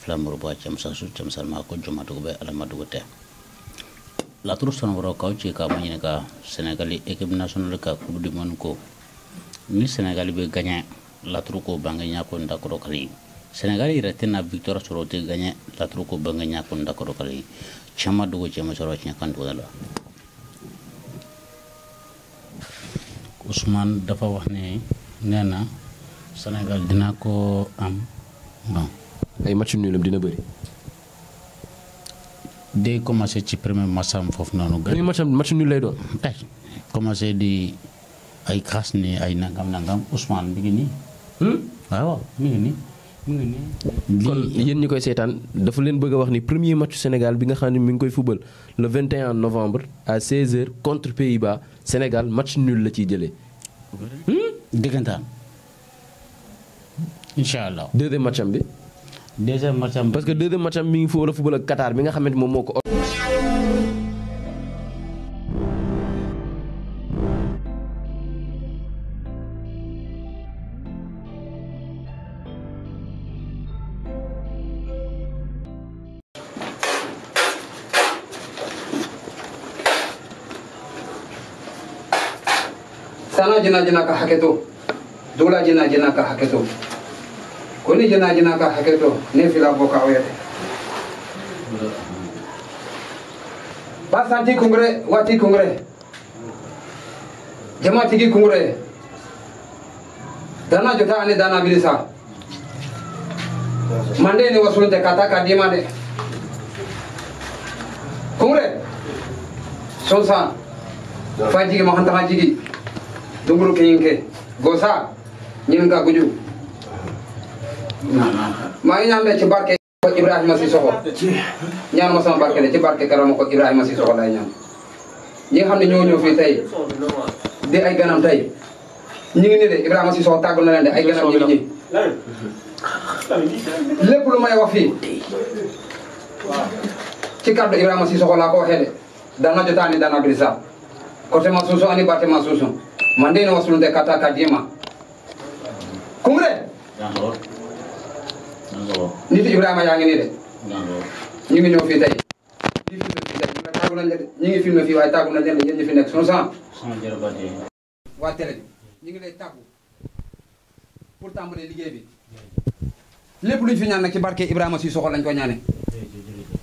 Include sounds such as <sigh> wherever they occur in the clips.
filamuruba cɛmusasu cɛmusalimako jɔnmadugu alamadugu tɛ laturu sanukɔrɔ kaw ci k'a maɲini ka sɛnɛgali ekipe nasionali ka kulu dimɔni ko ni sɛnɛgali bɛ gaɲɛ laturu ko bange ɲako ndakɔrɔ kali sɛnɛgali yɛrɛ tɛna victoire sɔrɔ o tɛ gaɲɛ laturu ko bange ɲako ndakɔrɔ kali cɛma dogo cɛma sɔrɔ tiɲɛ kan dugu la usman dafa wax ne nee na dina ko am ay match nulam dina bëri. de commencé ci premier match am foofu noonu. premier match am match nul lay doon. tey commencé di ay xas ni ay nangam-nangam Ousmane mi ngi nii. Hmm? ngi nii mi ngi kon yéen ñi koy seetaan dafa leen bëgg a wax ni premier match Sénégal bi nga xam ne mi ngi koy fubal le un novembre à 16h contre pays ba Sénégal match nul la ciy jële hmm? dëggantaan. incha allah match bi. deuxième parce que deuxième match am mi ngi fi war a football ak bi nga xamante moom moo ko. sana jina jina ka haketo dola jina ka haketo koni jena jena ka hake to ne fila boka oyete basanti kungre wati kungre jama tigi kungre dana jota ani dana birisa mande ni wasunte kata ka dima de kungre sonsa fajigi mahanta jigi dunguru kinke gosa nyinga guju maa ngi ñaan leen ci barke ko Ibrahima Sissoko ñaan ma sama barke ne ci barke karama ko Ibrahima Sissoko lay ñaan ñi nga xam ne ñoo ñëw fii tey di ay ganam tey ñu ngi nii de Ibrahima Sissoko tàggu na leen de ay ganam ñu ngi lépp lu may wax fii ci kàddu Ibrahima Sissoko laa ko waxee de dana jotaani dana birisa kote ma suusu ani bate ma suusu man de ne wasulunte kata kadima kumre nit Ibrahima yaa ngi nii de. ñu ngi ngi fi nekk sunu sang. waa télé bi lay tàggu pour liggéey lépp luñ fi ñaan nag ci barke Ibrahima si soxol lañ ko ñaane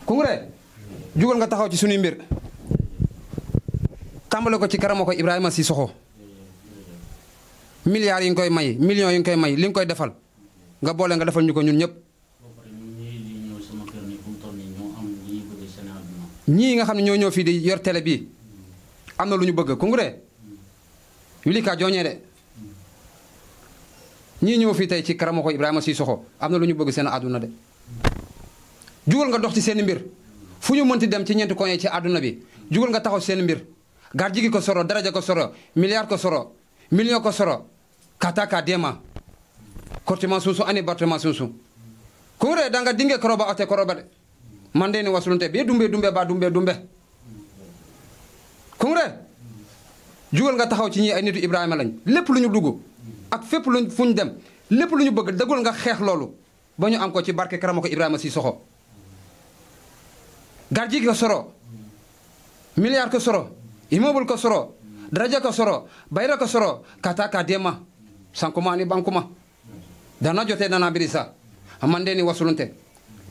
Koungheul jugal nga taxaw ci sunuy mbir tàmbale ko ci karama ko Ibrahima si soxo milliards yi nga koy may million yi nga koy may li nga koy defal nga boole nga defal ñu ko ñun ñëpp ñii nga xam ne ñoo ñëw fii di yor télé bii am na lu ñu bëgg kungure yu li kaa de ñii ñëw fii tey ci Karamoxo Ibrahima Sissoko am na lu ñu bëgg seen àdduna de jugal nga dox ci seen mbir fu ñu mënti dem ci ñeenti coin yi ci àdduna bi jugal nga taxaw seen mbir gar ko soro daraja ko soro milliard ko soro million ko soro kata ka dema kortima sunsu ani bartema sunsu kure danga dinge koroba ote koroba de man dee mandeni wasulunte bii dumbe dumbe ba dumbe dumbe kongre jugal nga taxaw ci ñi ay nitu ibrahima lañ lépp lu ñu dugg ak fépp luñ fuñ dem lépp lu ñu bëgg dagul nga xeex loolu ba ñu am ko ci barke karama ko ibrahima si soxo garji ko soro milliard ko soro immeuble ko soro daraja ko soro bayra ko soro kata ka dema sankuma ni bankuma dana jote dana birisa amandeni wasulunte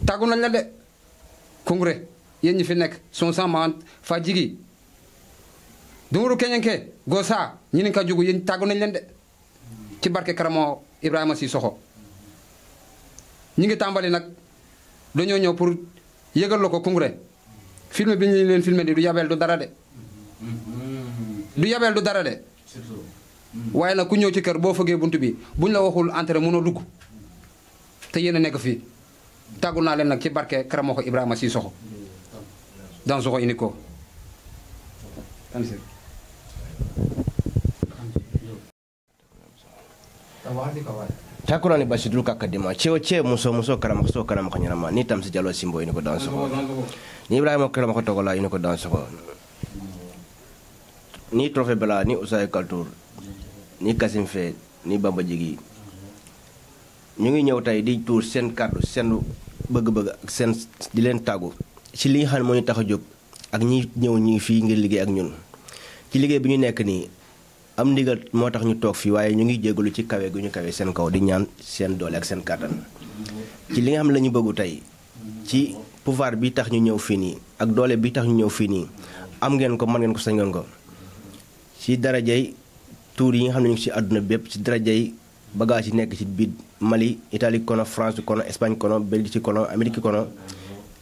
tagu nañ la de kongre yen ñi fi nekk son san ma fa jigi duuru keñenke go sa ñinin ka jugu yéen tàggu nañ leen de ci barke karamo Ibrahima soxo ñi ngi tàmbali nag dañoo ñëw pour yëgal la ko kongre film bi ñu leen filmé di du yabeel du dara de du yabeel du dara de waaye nag ku ñëw ci kër boo fëggee bunt bi buñ la waxul entrée mënoo dugg te yéen a nekk fii tàggul naa leen nag ci barke Karamoko Ibrahima Sissoko Dansokho Iniko takurani basi dulu kakadima cheo che muso muso karama so karama kanyama ni tamsi jalo simbo iniko dansoko ni ibrahima karama ko togola iniko dansoko ni trofe bela ni usay kaltur ni kasim fe ni bamba jigi ñu ngi ñëw tey di tuur seen kàddu seen bëgg-bëgg ak seen di leen tàggu ci li nga xam ne moo tax a jóg ak ñi ñëw ñi fii ngir liggéey ak ñun ci liggéey bi ñu nekk nii am ndigal moo tax ñu toog fii waaye ñu ngi jégalu ci kawe gu ñu kawe seen kaw di ñaan seen doole ak seen kàttan ci li nga xam ne la bëggu tey ci pouvoir bi tax ñu ñëw fii nii ak doole bi tax ñu ñëw fii nii am ngeen ko mën ngeen ko sañ ngeen ko ci darajay tuur yi nga xam ne ñu ngi àdduna bépp ci darajay bagage yi nekk ci biir Mali itali kono France kono Espagne kono Belgique kono Amérique kono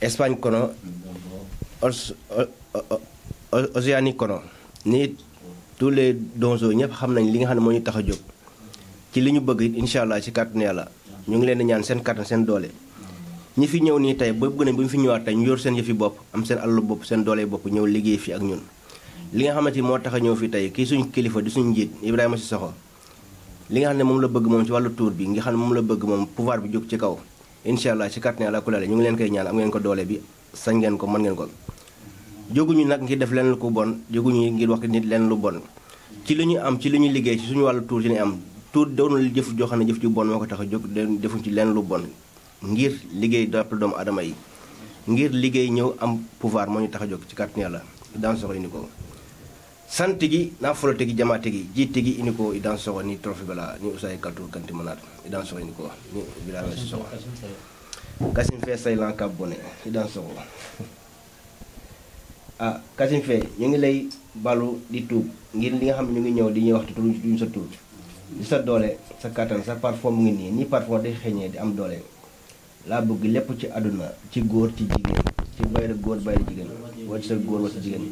Espagne kono Océanie kono nii tous les donso ñëpp xam nañ li nga xam ne moo ñu tax a jóg ci li ñu bëgg it incha allah ci kàttanu yàlla ñu ngi leen ñaan seen kàttan seen doole ñi fi ñëw ni tey ba gën a bu ñu fi ñëwaat tey ñu yor seen yëfi bopp am seen alalu bopp seen doole bopp ñëw liggéey fii ak ñun li nga xamante ni moo tax ñëw fii tey kii suñu kilifa di suñu njiit Ibrahima Sissokho li nga xam ne moom la bëgg moom ci wàllu tour bi nga xam ne moom la bëgg moom pouvoir bi jóg ci kaw incha allah ci kàttane àla kulale ñu ngi leen koy ñaan am ngeen ko doole bi sañ ngeen ko mën ngeen ko jóguñu nag ngir def leen lu ko bon jóguñu ngir wax nit leen lu bon ci li ñu am ci li ñuy liggéey ci suñu wàllu tour ci ne am tour doonu jëf joo xam ne jëf ju bon moo ko tax a jóg defuñ ci leen lu bon ngir liggéey dopp doomu adama yi ngir liggéey ñëw am pouvoir moo ñu tax a jóg ci kàttane yàlla daan soxla ni ko san gi nafolo tigi jama tigi gi tigi ini ko i dan sogo ni trophy bala ni usayi kaltu kanti manat i dan sogo ni bilala si sogo kasim fe saylan ka bone i dan sogo a ah, kasim ñu ngi lay balu di tuub ngir li nga xam ñu ngi ñëw di ñuy waxtu tuub sa tuub di sa doole sa kattan sa parfum mu ngi nii nii parfum day xeeñee di am doole laa bëgg lépp ci àdduna ci góor ci jigéen ci bayra góor bayra jigéen wala ci sa góor wala sa jigéen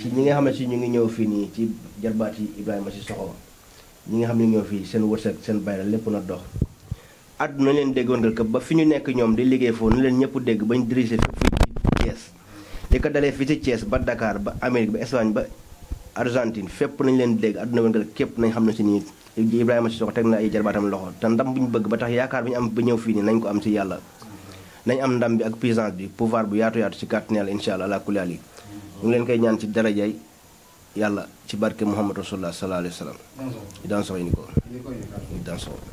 ci ñi nga xam ne si ñu ngi ñëw fii nii ci jarbaat yi Ibrahima si Soxo ñi nga xam ne ñëw fii seen wërsëg seen bayra lépp na dox àdduna leen déggoon nga ba fi ñu nekk ñoom di liggéey foofu ni leen ñëpp dégg bañ dirigé fépp fii ci Thiès li ko dalee fii ci Thiès ba dakaar ba Amérique ba Espagne ba Argentine fépp nañ leen dégg àdduna wëngal képp nañ xam ne si nii Ibrahima si Soxo teg na ay jarbaatam loxo te ndam bu ñu bëgg ba tax yaakaar bi ñu am ñëw fii nii nañ ko am si yàlla nañ am ndam bi ak puissance bi pouvoir bu yaatu yaatu ci kàttan yàlla incha allah ala kulli yi ñu leen koy ñaan ci darajay yàlla ci barke Muhammad rasulullah sallallahu alayhi wa sallam. daan soxla ko daan soxla.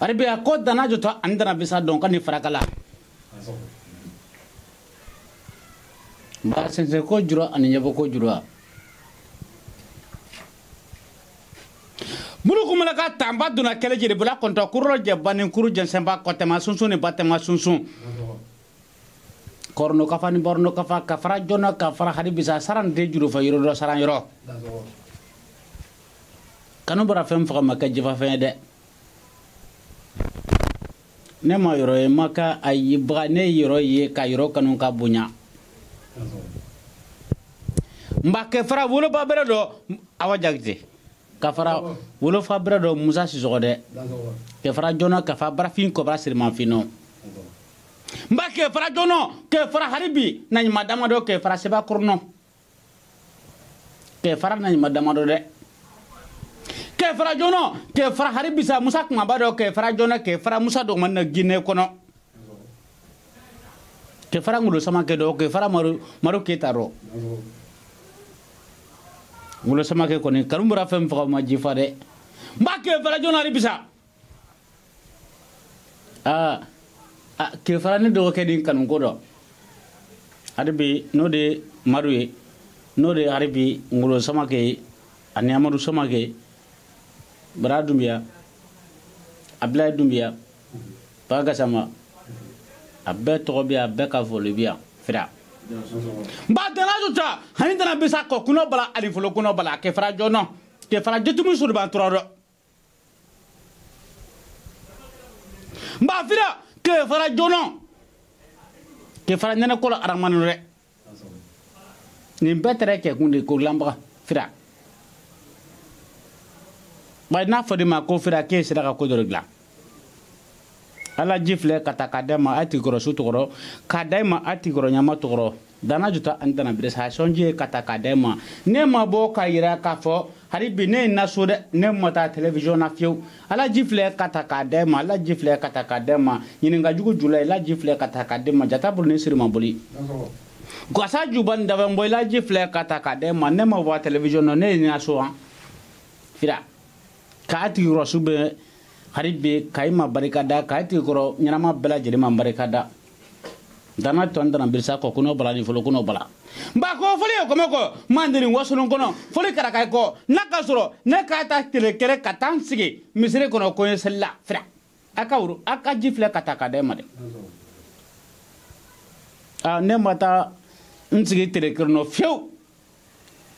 arabiya ko dana jota andana bisa don ka ni baara sensɛn ko ani ɲɛbɔ ko jura muru kumala ka tanba donna kɛlɛ jelibula kɔntɔ kurulɔ jɛba ni kuru jɛnsɛnba kɔtɛma sunsun ni batɛma sunsun kɔrɔnɔ kafa ni bɔrɔnɔ kafa kafara jɔnɔ kafara hali bisa saran tɛ juru fɛ yɔrɔ dɔ saran yɔrɔ kanu bara fɛn faga ma kɛ jɛfafɛn ye dɛ ne ma yɔrɔ ye ma ka a ye baga ne yɔrɔ ye ka yɔrɔ kanu ka bonya mbake fara wolofa bɛrɛ dɔ awa jakite ka fara wolofa bɛrɛ dɔ musa sisɔgɔ dɛ kɛ fara jɔnɔ ka fara barafin kɔbara sirimanfinɔ mba kɛ fara jɔnɔ kɛ fara haribi na ɲuman damadɔ kɛ fara seba kɔrɔnɔ kɛ fara na ɲuman damadɔ dɛ kɛ fara jɔnɔ kɛ fara haribisa musa kumaba dɔ kɛ fara jɔnɔ kɛ fara musa dɔgɔmani na ginɛ kɔnɔ ke faraŋolu samake do ke fara maru maru keta ro ŋolo samake koni kanu bora feŋ faga ma jifa de mba ke fara jonari bisa a a ke dogo ke din kanu ko do hadi bi no de maru ye no de hadi bi ŋolo samake e, ani amadu samake e. bara dumbiya abdulayi dumbiya baga gasama a bɛɛ tɔgɔ bɛ yan a bɛɛ ka foli bɛ yan fira ba dana juta hani dana bisa ko kuno bala ali folo kuno bala ke fara jono ke fara jotumu sur ban toro ba fira ke fara jono ke fara nana ko armanu re ni betere ke kunde ko lamba fira ba na fodi ma ko fira ke sira ka ko do gla alaji filɛ ka ta ka ma a tigi kɔrɔ su tɔgɔrɔ ka da ma a tigi kɔrɔ ɲama tɔgɔrɔ dana juta ani dana birisa sɔnji ye ka ta ka ma ne ma bɔ ka yira k'a fɔ hali ne ye na so dɛ ne ma taa television na fiyewu alaji filɛ ka ka da ma ma ɲininka jugu ju ka ta ka ma jata ni siri ma boli. gwasa juba ni dabe mbɔ alaji ka ta ka ma ne ma bɔ television na ne ye na so wa fira k'a tigi kɔrɔ su bɛ. hali bi ka i ma barikada ka i ɲɛnama bɛɛ lajɛlen ma barikada dana tɔn dana birisa kɔ kunɔ bala nin fɔlɔ kunɔ bala ba ko fɔli ye kɔmɔ kɔ mandiri wasolon kɔnɔ fɔli karaka kɔ n'a ka sɔrɔ ne ka ta tele kɛrɛ ka taa n misiri kɔnɔ ko ye selila fira a ka woro a ka ji filɛ ka ta ka da ma dɛ aa ne ma taa n tele kɛrɛ nɔ fiyewu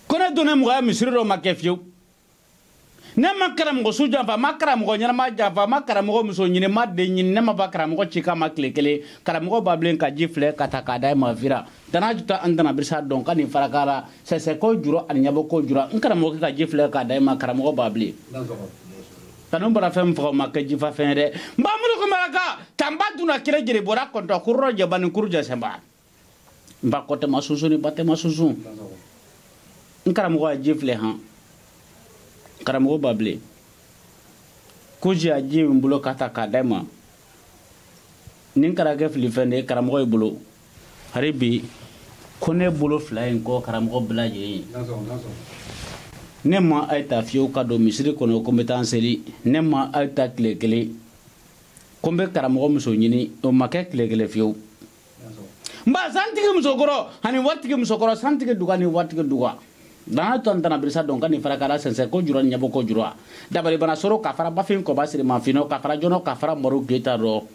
ko ne donnen mɔgɔya misiri dɔ ma kɛ fiyewu ne ma karamɔgɔ su ma karamɔgɔ ɲɛnama janfa ma karamɔgɔ muso ɲini ma den ɲini ne ma ba karamɔgɔ ci ka ma tile kelen karamɔgɔ ba ka ji filɛ ka ta k'a da ma vira dana juta birisa dɔn nin farakara sɛsɛ ko juro ani ɲabɔ jura n karamɔgɔ ka ji filɛ k'a da ma karamɔgɔ ba bilen bara fɛn faga ma kɛ jifa fɛn dɛ n bamuru kumaraka tanba dunna kira jere bɔra kɔntɔ kurɔrɔ jabani kuru jɛsɛnba n ba kɔtɛma sunsun ni batɛma sunsun n karamɔgɔ ba bilen ko jiyaji ye ka ta k'a da ma nin kɛra kɛ filifɛn karamɔgɔ ye bolo hali ko ne bolo fila in kɔ karamɔgɔ bɛɛ lajɛlen ye ne ma a ta fiyewu ka don misiri kɔnɔ ko n seli ne ma a ta tile kelen ko n karamɔgɔ muso ɲini o ma kɛ kelen fiyewu n ba santigi musokɔrɔ ani waritigi musokɔrɔ santigi duga ni waritigi duga. dana tan tana birisa don ka fara kala sɛnsɛn ko jura ɲɛbɔ ko jura dabali bana soro ka fara bafin kɔba sirimanfinɔ ka fara ka fara mɔru geta rɔ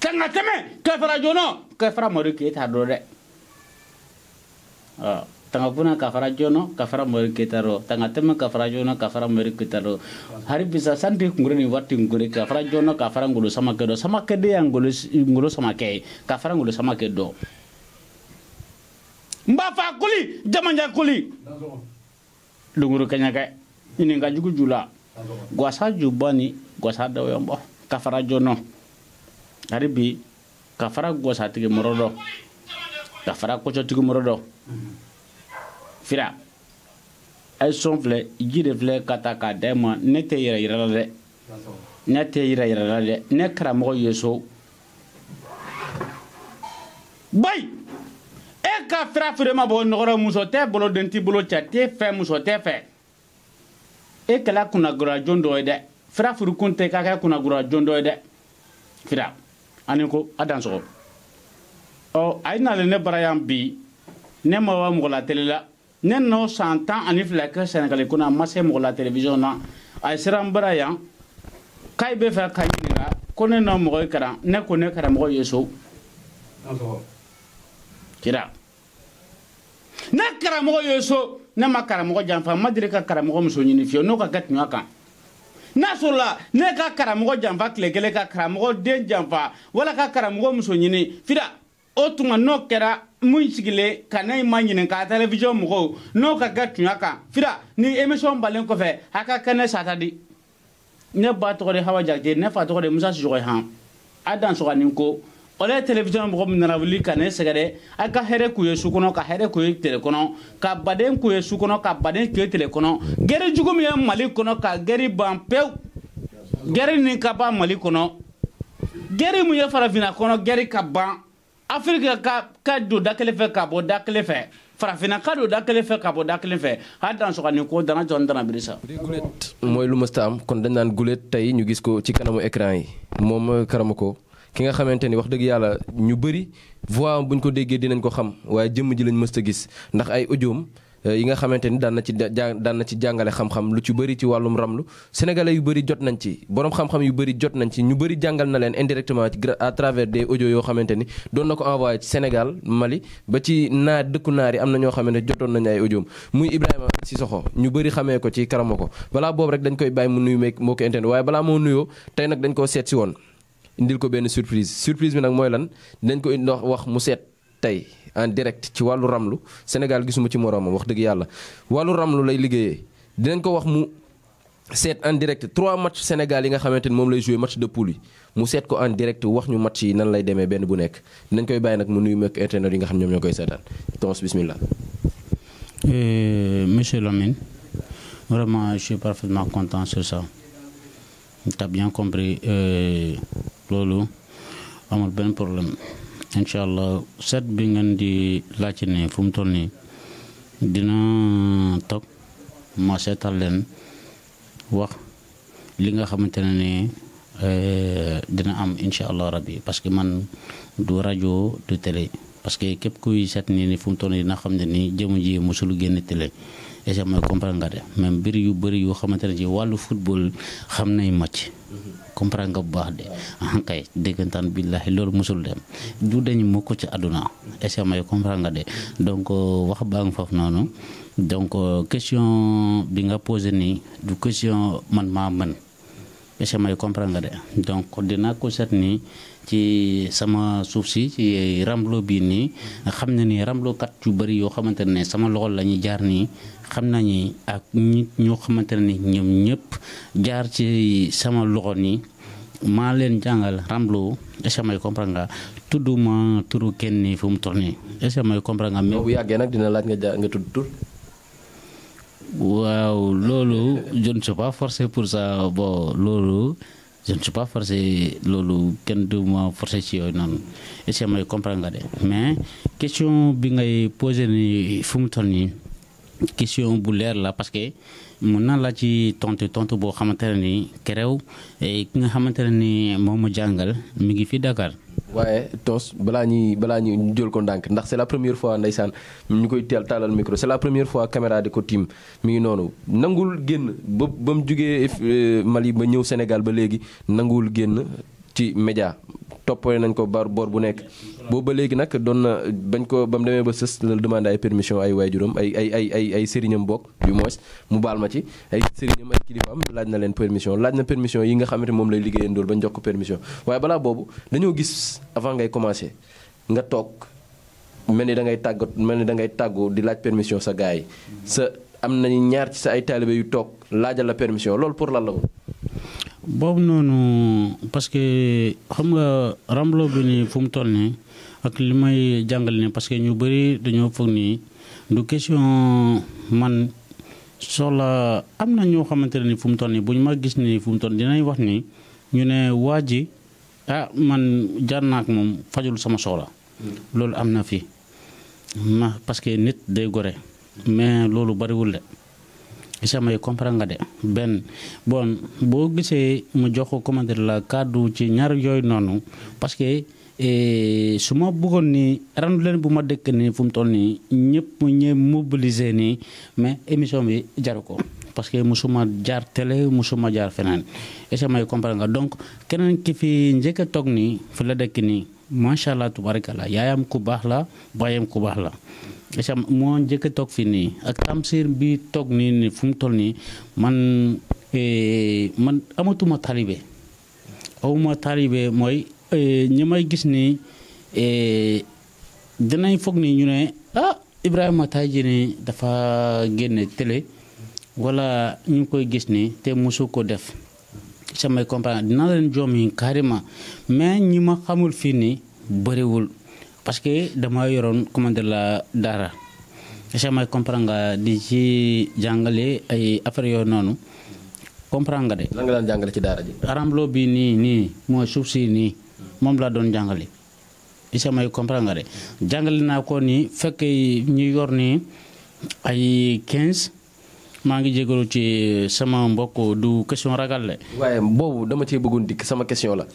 tanga tɛmɛ ka fara jɔnɔ ka fara mɔri geta rɔ hari bisa santi kungure ni wati kungure ka fara jɔnɔ ka fara ngolo samakɛ dɔ samakɛ de ya ngolo samakɛ ye ka fara ngolo samakɛ dɔ mbafa kuli jamanja kuli lunguru kenyake ininga jugu jula gwasa jubani gwasa dawyombo kafara jono ari bi kafara gwasa tigi morodo kafara koco tigi morodo fira ay son filɛ ji de ka ta k'a da ma ne tɛ yɛrɛ dɛ ne tɛ yɛrɛ dɛ ne karamɔgɔ ye so ka fira feere ma bɔ nɔgɔrɔ muso tɛ bolo denti bolo cɛ tɛ fɛ muso tɛ fɛ e kɛla kunnagora jon dɔ ye dɛ fira furukun tɛ ka kɛ kunnagora jon dɔ ye fira ani ko a dan sɔgɔ ɔ a ye ne bara yan bi ne ma wa mɔgɔ lateli la ne nɔ san tan ani fila kɛ sɛnɛgali kɔnɔ ma se mɔgɔ la televizɔn na a sera n bara yan k'a bɛ fɛ ka ɲininka ko ne nɔ mɔgɔ ye ne ko ne karamɔgɔ ye so kira na karamɔgɔ ye so ne ma karamɔgɔ janfa ma ka karamɔgɔ muso ɲini fiyewu n'o ka kɛ tuɲa kan n'a sɔrɔla ne ka karamɔgɔ janfa tile kelen ka karamɔgɔ janfa wala ka karamɔgɔ muso ɲini fida o tuma n'o kɛra mun sigilen ka ne ma ɲininka televisiɔn mɔgɔw n'o ka kɛ tuɲa kan fida ni emisiyɔn balen kɔfɛ a ka kɛ ne sata ne ba tɔgɔ hawa jakite ne fa tɔgɔ de musa sisɔgɔ han a dan sɔganin ko ole televiziyɔn mɔgɔ min nana wuli ka ne sɛgɛrɛ a ka hɛrɛ k'u ye su kɔnɔ ka hɛrɛ k'u ye tile kɔnɔ ka baden k'u ye su kɔnɔ ka baden k'u ye tile kɔnɔ gɛri ye mali kɔnɔ ka gɛri ban pewu gɛri nin ka ban mali kɔnɔ gɛri min ye farafinna kɔnɔ gɛri ka ban afirika ka don da fɛ ka bɔ da kelen fɛ farafinna ka don da fɛ ka bɔ da fɛ hali dan nin ko dana jɔn dana birisa. mooy lu ma kon dañ tey ñu gis ko ci kanamu écran yi moom ki nga xamante ni wax dëgg yàlla ñu bëri voix buñ ko déggee dinañ ko xam waaye jëmm ji lañ mës a gis ndax ay audioom euh, yi nga xamante ni daan na ci daan na ci jàngale xam-xam lu ci bëri ci wàllum ramlu sénégalais yu bari jot nañ ci borom xam yu bëri jot nañ ci ñu bëri jàngal na leen indirectement à travers de audios yoo xamante ni doon na ko envoyé ci Sénégal Mali ba ci naar dëkku naar yi am na ñoo xamante ne jotoon nañu ay audiom muy Ibrahima soxo ñu bari xamee ko ci ko balaa boobu rek dañ koy bàyyi mu nuyu meeg moo ko balaa moo nuyoo tey nag dañ koo seet indil ko benn surprise surprise bi nag mooy lan dinañ ko indi wax mu seet tey en direct ci wàllu ramlu Sénégal gisuma ci moroomam wax dëgg yàlla wàllu ramlu lay liggéeyee dinañ ko wax mu seet en direct trois match Sénégal yi nga xamante ne moom lay joué match de poule yi mu seet ko en direct wax ñu match yi nan lay demee benn bu nekk dinañ koy bàyyi nag mu nuyu meek entraîneur yi nga xam ñoom ñoo koy seetaan tons bismillah euh, monsieur Lamine vraiment je suis parfaitement content sur ça. t'as bien compris euh, loolu amul benn problème incha allah set bi ngeen di laajte ne fu mu toll nii dina toog ma seetal leen wax li nga xamante ne nii euh, dina am incha allah rabbi parce que man du rajo du télé parce que képp kuy seet nii ni fu mu toll nii dina xam ne nii jëmu ji mosul génn télé. est-ce que mooy comprendre nga de même mbir yu bëri yoo xamante ci wàllu football xam nañ match comprendre nga bu baax de ankay ah, déggantaan billahi loolu musul dem du dañ ko ci àdduna est-ce nga de donc euh, wax baa nga foofu noonu donc euh, question bi nga posé nii du question man maa mën est-ce que nga de donc dinaa ko nii ci sama suuf si ci ramlo bi nii xam na ni ramlokat yu bëri yoo xamante ne sama loxo lañuy jaar nii xam na ni ak nit ñoo xamante ne ñoom ñëpp jaar ci sama loxo nii maa leen jàngal ramlo est ce que may comprendre nga tudduma turu kenn nii fu mu toll nii est ce que may comprendre nga. bu yàggee nag dina laaj nga tudd tur. waaw loolu je ne forcé pour ça bon loolu. je ne suis pas forcé loolu kenn du ma forcé ci yooyu noonu est-ce que may nga de mais question bi ngay posé ni fu mu toll nii question bu leer la parce que. mun naa laa ci tontu tontu boo xamante ne ni kerew eh, ki nga xamante ne ni moom mu jàngal mi ngi fi Dakar. waaye Tos balaa ñuy balaa ñuy jël ko ndànk ndax c'est la première fois ndeysaan ñu koy teel taalal micro c'est la première fois caméra di ko tiim mi ngi noonu nangul génn ba ba mu jugee eh, Mali ba ñëw Sénégal ba léegi nanguwul génn ci média toppale nañ ko boor bu nekk. boobu ba léegi nag doon na bañ ko ba mu demee ba sës la demandé ay permission ay waajuram ay ay ay ay ay sëriñam bokk du moins mu baal ma ci ay sëriñam ay kilifaam laaj na leen permission laaj na permission yi nga xamante moom lay liggéeyandool bañ jox ko permission waaye balaa boobu dañoo gis avant ngay commencé nga toog mel ni da ngay tàggat mel ni da ngay tàggu di laaj permission sa gaay sa am nañu ñaar ci sa ay taalibe yu toog laajal la permission loolu pour lan la que xam nga ramblo bi nii parce que li may jàngal ne parce que ñu bëri dañoo foog nii du question man soxla am na ñoo xamante ne ni fu mu toll nii bu ñu ma gis nii fu mu toll dinañ wax ni ñu ne waa ji ah man jaar naa moom fajul sama soxla. loolu am na fi ma parce que nit day gore. mais loolu bariwul de. gis may comprendre nga de benn bon boo gisee mu jox ko la kàddu ci ñaar yooyu noonu parce su ma bëggoon ni ranu leen bu ma dëkk nii fu mu toll nii ñëpp ñu mobiliser nii mais émission bi jaru ko parce que musuma jaar télé musuma jaar feneen est-ce que may comprendre nga donc keneen ki fi njëkk a toog nii fi la dëkk nii macha allah tubaarikala yaayam ku baax la baayam ku baax la. est-ce que moo njëkk a toog fii nii ak Tamsir bi toog nii nii fu mu toll nii man eh, man amatuma taalibe awuma taalibe mooy. Euh, ñi may gis nii euh, dinañ foog ni ñu ne ah Ibrahima Taji ni dafa génne télé wala ñu ngi koy gis nii te mosu ko def samay comprendre dina leen joom yi carrément mais ñi ma xamul fii nii bëriwul parce que dama yoroon commande la dara samay comprendre di ci jàngale ay affaire yooyu noonu comprendre de. lan nga daan ci daara nii nii mooy suuf si nii. moom laa doon jàngale isa may comprendre nga de jàngale naa ko nii fekk ñu yor nii ay 15 maa ngi jégalu ci sama mbokk du question ragal la. waaye boobu dama cee bëggoon dikk sama question la.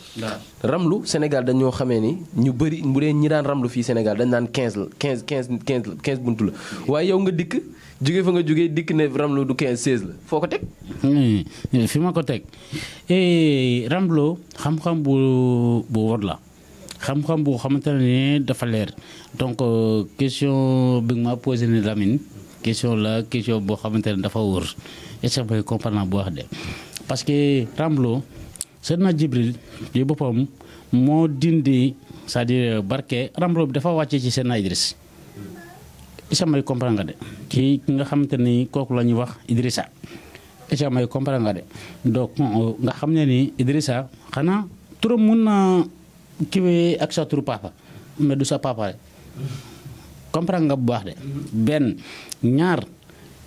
ramlu Sénégal dañoo xamee ni ñu bëri bu dee ñi daan ramlu fii Sénégal dañ naan quinze la 15 15 15 buntu la waaye yow nga dikk. jóge fa nga jóge dikk na Ramlo du 15 16 la foo ko teg. Eh, eh, fi ma ko teg eh, Ramlo xam-xam bu bu la xam-xam bu xamante ne dafa leer donc euh, question bi nga ma posé ni Lamine question la question boo xamante ne dafa wóor est-ce que may comprendre bu wax de parce que Ramlo Seydina Jibril di boppam moo dindi c'est-à-dire barke Ramlo bi dafa wàccee ci Seydina Idriss. Issa Mbaye comprendre de ki ki nga xamante ni kooku la ñuy wax Idrissa Issa Mbaye comprendre nga de donc euh, nga xam ne ni Idrissa xanaa turam mun na kiwee ak sa turu papa mais du sa papa de comprendre nga bu baax de benn ñaar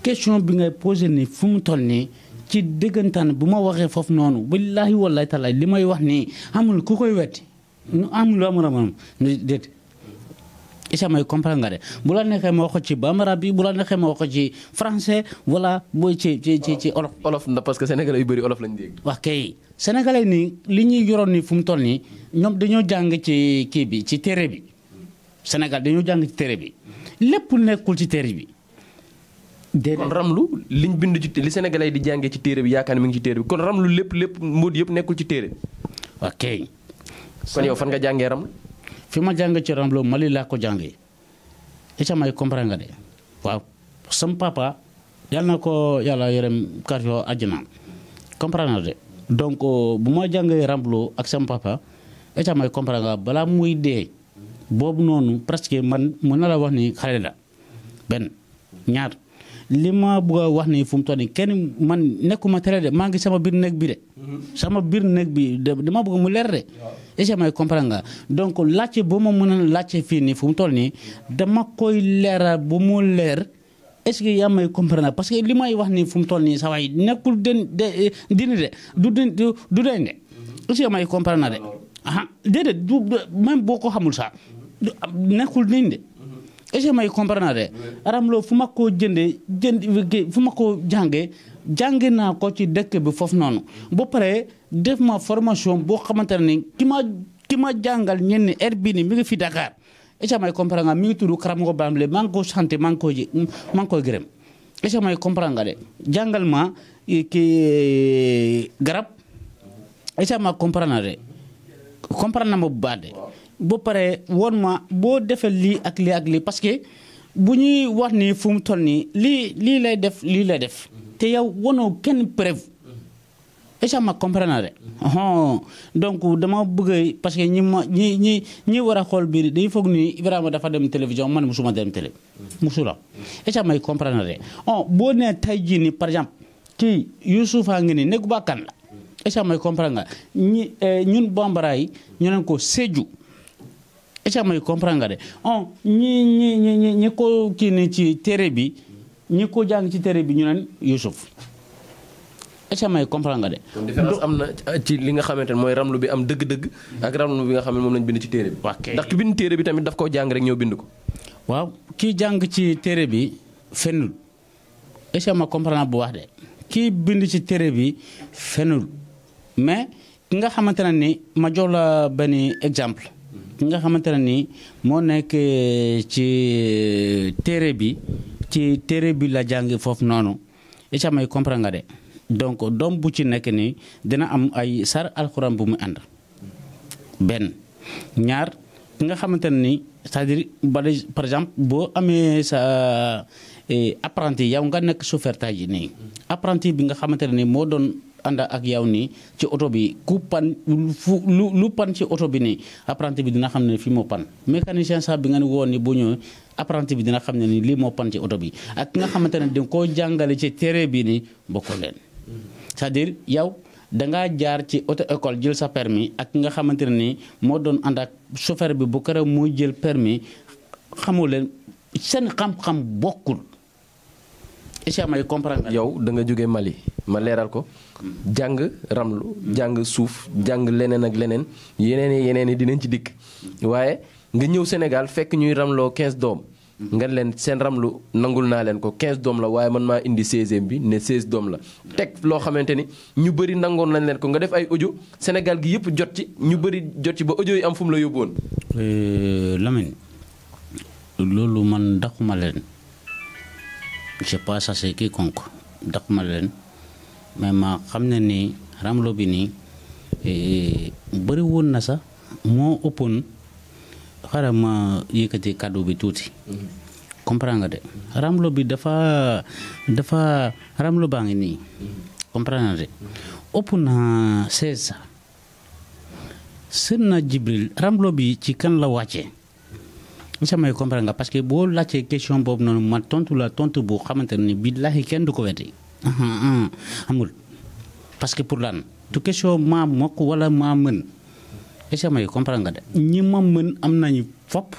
question bi ngay posé ni fu mu toll nii ci dëggantaan bu ma waxee foofu noonu billaahi wallaahi taala li may wax nii amul ku koy wetti amul amul amul déet isa may comprendre nga de bu la neexee olof. olof parce que sénégalais yu bëri olof lañ dégg. wax nii li ñuy yoroon nii fu mu toll nii ñoom dañoo jàng ci kii bi ci téere bi Sénégal dañoo jàng ci téere bi lépp nekkul ci téere bi. déedéet kon ramlu liñ bind ci li sénégalais di jàngee ci téere bi yaakaar mi ngi ci téere bi kon ramlu lépp lépp mbóot yëpp nekkul ci téere. ok. kon yow fan nga jàngee ramlu. fi ma jàng ci Ramlo Mali laa ko jàngee itam ay comprendre nga de waaw sam papa na ko yàlla yërëm kàr yoo àjjana comprendre nga de donc euh, bu ma jàngee Ramlo ak sam papa itam ay nga balaa muy dee boobu noonu presque man mën wax ni xale la benn ñaar. li ma wax ni fu mu toll nii kenn man nekkuma tere de maa ngi sama biir nekk bi de. Mhm. sama biir nekk bi de dama bëgg mu leer de. est-ce que may ma mën a fii nii fu mu toll nii dama koy leeral bu mu leer. est-ce que yaa may comprendre parce que li may wax nii fu mu toll nii saa waay nekkul den de dina de du du de. Mhm. est-ce yaa may comprendre de. ah déedéet du même boo ko xamul sax nekkul dinañ de. est-ce que may comprendre de aram loo fu ma koo jëndee jënd fu ma koo jàngee jànge naa ko ci dëkk bi foofu noonu ba pare def ma formation boo xamante ne ki ma ki ma jàngal ñenn heure bii nii mi ngi fi Dakar est-ce que may comprendre nga maa ngi ko sant maa ngi ko ji maa koy gërëm may comprendre nga de jàngal ma eh, ki eh, garab est-ce que ma comprendre de comprendre ma bu baax de ba pare woon ma boo defee lii ak lii ak lii parce que bu ñuy wax ni fu mu toll nii lii lii lay def lii lay def te yow wanoo kenn preuve est ma comprendre de mm-hmm. oh. donc dama bëgg parce que ñi ma ñi ñi ñi war a xool biir dañu foog ni Ibrahima dafa dem télévision man musuma dem télé mm-hmm. musula est-ce que may comprendre on oh, boo nee tey jii nii par exemple kii Youssoufa ngi ni nekku baakan la mm-hmm. est-ce que may comprendre eh, ñun bambara yi ñu leen ko Sédhiou Cheikh May comprendre nga de on ñi ñi ñi ñi ko kii ni ci téere bi ñi ko jàng ci téere bi ñu naan Youssouf Cheikh May comprendre nga de. kon différence am na ci li nga xamante ne mooy ramlu bi am dëgg-dëgg. ak ramlu bi nga xam ne moom lañ bind ci téere bi. ndax ki bind téere bi tamit daf koo jàng rek ñëw bind ko. waaw kii jàng ci téere bi fenul Cheikh May comprendre bu wax de kii bind ci téere bi fenul mais ki nga xamante ne ni ma jox la benn exemple. ki nga xamante ne nii moo nekk eh, ci eh, téere bi ci téere bi la jàng foofu noonu itam may comprendre nga de donc doom bu ci nekk nii dina am ay sar alxuraan bu mu ànd benn ñaar ki nga xamante ne nii c'est-à-dire par exemple boo amee sa eh, apprenti yow nga nekk chauffeur taji nii apprenti bi nga xamante nii moo doon ànd ak yow ni ci oto bi ku pan fu lu lu pan ci oto bi ni apprenti bi dina xam ne fii moo pan mécanicien sax bi nga ne woon ni bu ñëwee apprenti bi dina xam ne ni lii moo pan ci oto bi ak nga xamante ne danga koo jàngale ci téere bi ni bokkul leen c'est-à-dire yow dangaa jaar ci oto école jël sa permi ak nga xamante ne nii moo doon ànd ak chauffeur bi bu keroog muy jël permis xamul leen seen xam-xam bokkul Cheikh May comprendre yow danga jóge Mali ma leeral ko jàng ramlu jàng suuf jàng leneen ak leneen yeneen yi yeneen yi dinañ ci dikk waaye nga ñëw Sénégal fekk ñuy ramloo 15 doom nga leen seen ramlu nangul naa leen ko 15 doom la waaye man maa indi 16 bi ne 16 doom la teg loo xamante ni ñu bëri nangoon nañ leen ko nga def ay audio Sénégal gi yëpp jot ci ñu bëri jot ci ba ajo yi am fu mu la yóbbuwoon. Euh, Lamine loolu man daxuma leen. j'ai pas chassé quiconque daf ma leen mais ma xam ne ni ramlo bi nii eh, bëri woon na sax moo ëppoon xaaral ma yëkkati kàddu bi tuuti. comprendre nga de ramlo bi dafa dafa ramlo baa ngi nii. comprendre nga de ëpp na seize sax sën na Jibril ramlo bi ci kan la wàccee. incha allah comprendre nga parce que boo laajtee question boobu noonu ma tontu la tontu bu xamante bi billaahi kenn du ko weddi uh-huh, uh-huh. amul parce que pour lan tu question maa mokk wala maa mën incha allah nga de ñi ma mën am nañu fopp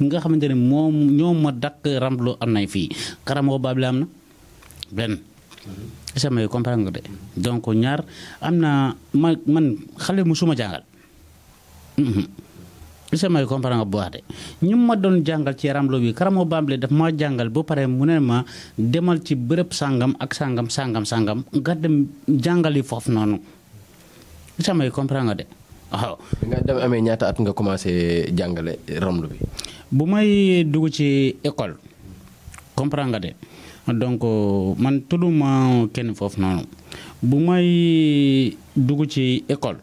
nga xamante ne moom ñoo ma dakk am nañ fii karamoo baab la am na benn. incha allah uh-huh. comprendre nga de donc ñaar am na man xale musuma jàngal. monsieur Mbaye comprendre nga bu baax de ñu ma doon jàngal ci yaramloo bi karamoo karamo bambale daf ma jàngal ba pare mu ne ma demal ci bërëb sàngam ak sàngam sàngam sàngam nga dem jàngali foofu noonu monsieur Mbaye nga de waaw. nga amee ñaata at nga commencé jàngale ramlu bi. bu may dugg ci école comprendre nga de donc man tudduma kenn foofu noonu bu may dugg ci école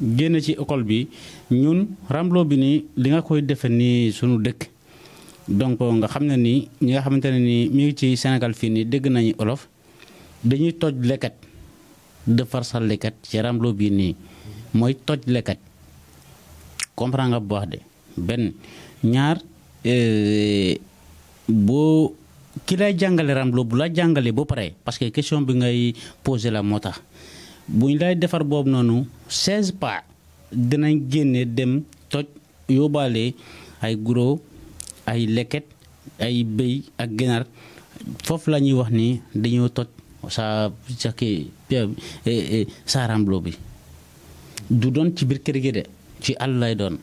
génn ci école bi. ñun Ramlo bi nii li nga koy defe nii sunu dëkk donc nga xam ne nii ñi nga xamante ne nii mi ngi ci senegal fii nii dégg nañu olof dañuy toj leket defar sa leket ci Ramlo bii nii mooy toj lekkat comprend nga bu baax de benn ñaar euh, boo ki lay jàngale Ramlo bu la jàngalee ba pare parce que question bi ngay posé la moo tax bu ñu lay defar boobu noonu 16 pas. dinañ génne dem toj yóbbaale ay guro ay leket ay béy ak ginaar foofu la ñuy wax nii dañoo toj sa sa eh, eh, eh, bi du doon ci biir kër gi de ci àll lay doon.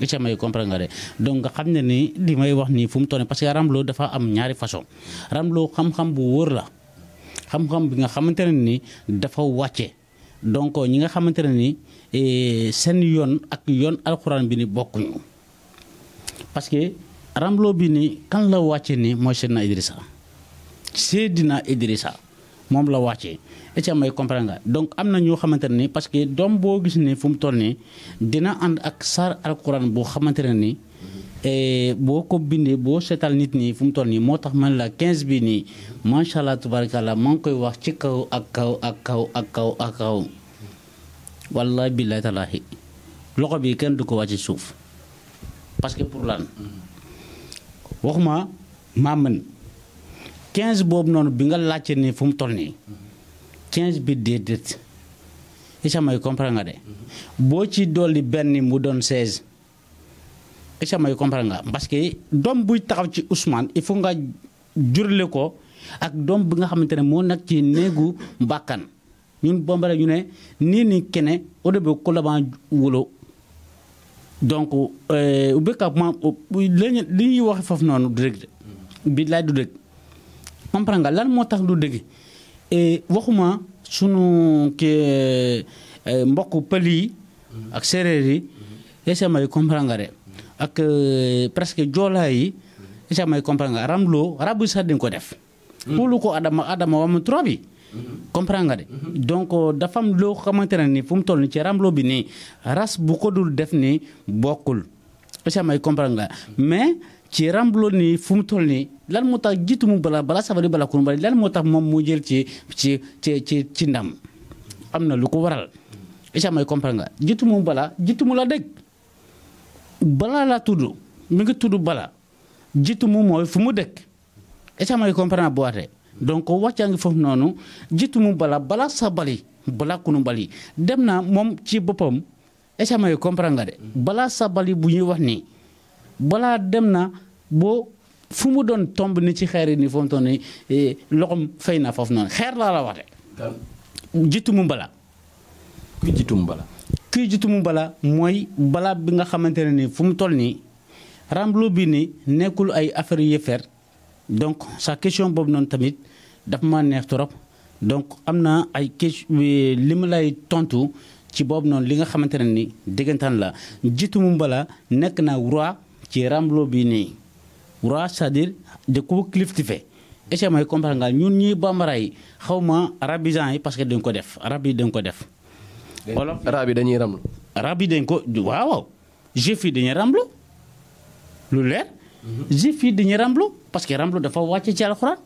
itam may comprendre nga de donc nga xam ne ni li may wax nii fu mu toll parce que ramblo dafa am ñaari façon ramblo xam-xam bu wóor la xam-xam bi nga xamante ne ni dafa wàcce. donc ñi nga xamante ne ni eh, seen yoon ak yoon alxuraan bi ni bokkuñu parce que ramloo bi ni kan la wàcce ni mooy Seydina Idrissa dina Idrissa moom la wàccee et ci may comprendre nga donc am na ñoo xamante ne ni parce que doom boo gis ni fu mu toll nii dina ànd ak saar alxuraan boo xamante ne ni boo ko bindee boo seetal nit ñi fu mu toll nii moo tax man la 15 bi nii macha allah tubaarkalla maa ngi koy wax ci kaw ak kaw ak kaw ak kaw ak kaw wallahi loxo bi kenn du ko ci suuf parce que pour lan waxuma maa mën 15 boobu noonu bi nga laajte nii fu mu toll nii 15 bi déedéet isa may comprendre nga de mm-hmm. boo ci dolli benn mu doon 16. isa may comprendre nga parce que doom buy taxaw ci Ousmane il faut nga jurle ko ak doom bi nga xamante ne moo nag ci néegu mbàkkan ñun bombare ñu ne nii ni kene au début ku laban wolo donc ubbeekapement euh, lañu li ñuy waxe foofu noonu du dëgg de du dëgg comprendre nga lan moo tax du dëgg waxuma sunu ki euh, mbokk pël yi ak séeréer yi esa may comprendre ak euh, presque joolaa yi isa may comprendre nga ramloo rabu sax dañ ko def kuulu ko adama adama wamu trois bi comprendre de donc euh, dafa am loo xamante ne ni fu mu toll ni ci ramloo bi nii ras bu ko dul def ni bokkul isa may comprendre nga mais ci ramloo nii fu mu toll nii lan moo tax jitu mu bala bala safari bala kurumbali lan moo tax moom mu jël ci ci ci ci ci ndam am na lu ko waral isa may comprendre nga jiitu mu bala jiitu mu la dégg balaa laa tudd mi ngi tudd balaa jiitu mu mooy fu mu dëkk est-ce que may comprendre bu waatee donc wàccaa ngi foofu noonu jiitu mu bala bala sa dem na moom ci boppam est-ce que may balaa sa bali bu ñuy wax nii balaa dem na boo fu mu doon tomb ni ci xeer yi nii foofu noonu eh, loxom fay na foofu noonu xeer laa la waxee. jiitu bala. fii jitu mu balaa mooy balaa bi nga xamante ne ni fu mu toll nii remblo bi nii nekkul ay affaire yëfër donc sa question boobu noonu tamit dafa ma neex trop donc am na ay question euh, li ma lay tontu ci boobu noonu li nga xamante ne ni déggantaan la jitu mu balaa nekk na roi ci remblo bi nii roi cest à de ku kiliftife est-ce que may nga ñun ñuy bambara yi xaw ma arabisant yi parce que dañ ko def arab yi dañ ko def. wala rab yi dañuy ramlu. rab yi dañ ko waaw waaw yi dañuy ramlu lu leer. juif yi dañuy ramlu parce que ramlu dafa wàcce ci alxuraan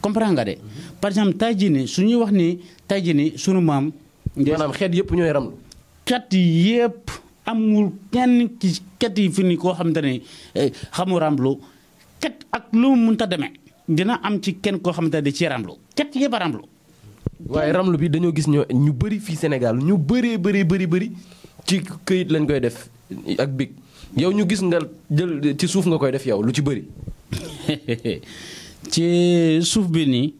comprendre nga de mm-hmm. par exemple tay jii nii su ñuy wax ni tay jii nii sunu maam. maanaam xeet yëpp ñooy ramlu. xeet yëpp amul kenn ci xeet yi fi ni koo xamante ne eh, xamu ramlu xeet ak lu mu mënta demee dina am ci kenn koo xam xamante ne ci ramlu xeet yëpp a ramlu. waaye ramlu bi dañoo gis ñu bari fii Sénégal ñu bëree bëri bari bari ci këyit lañ koy def ak big yow ñu gis nga jël ci suuf nga koy def yow lu ci bëri. <laughs> ci suuf bi nii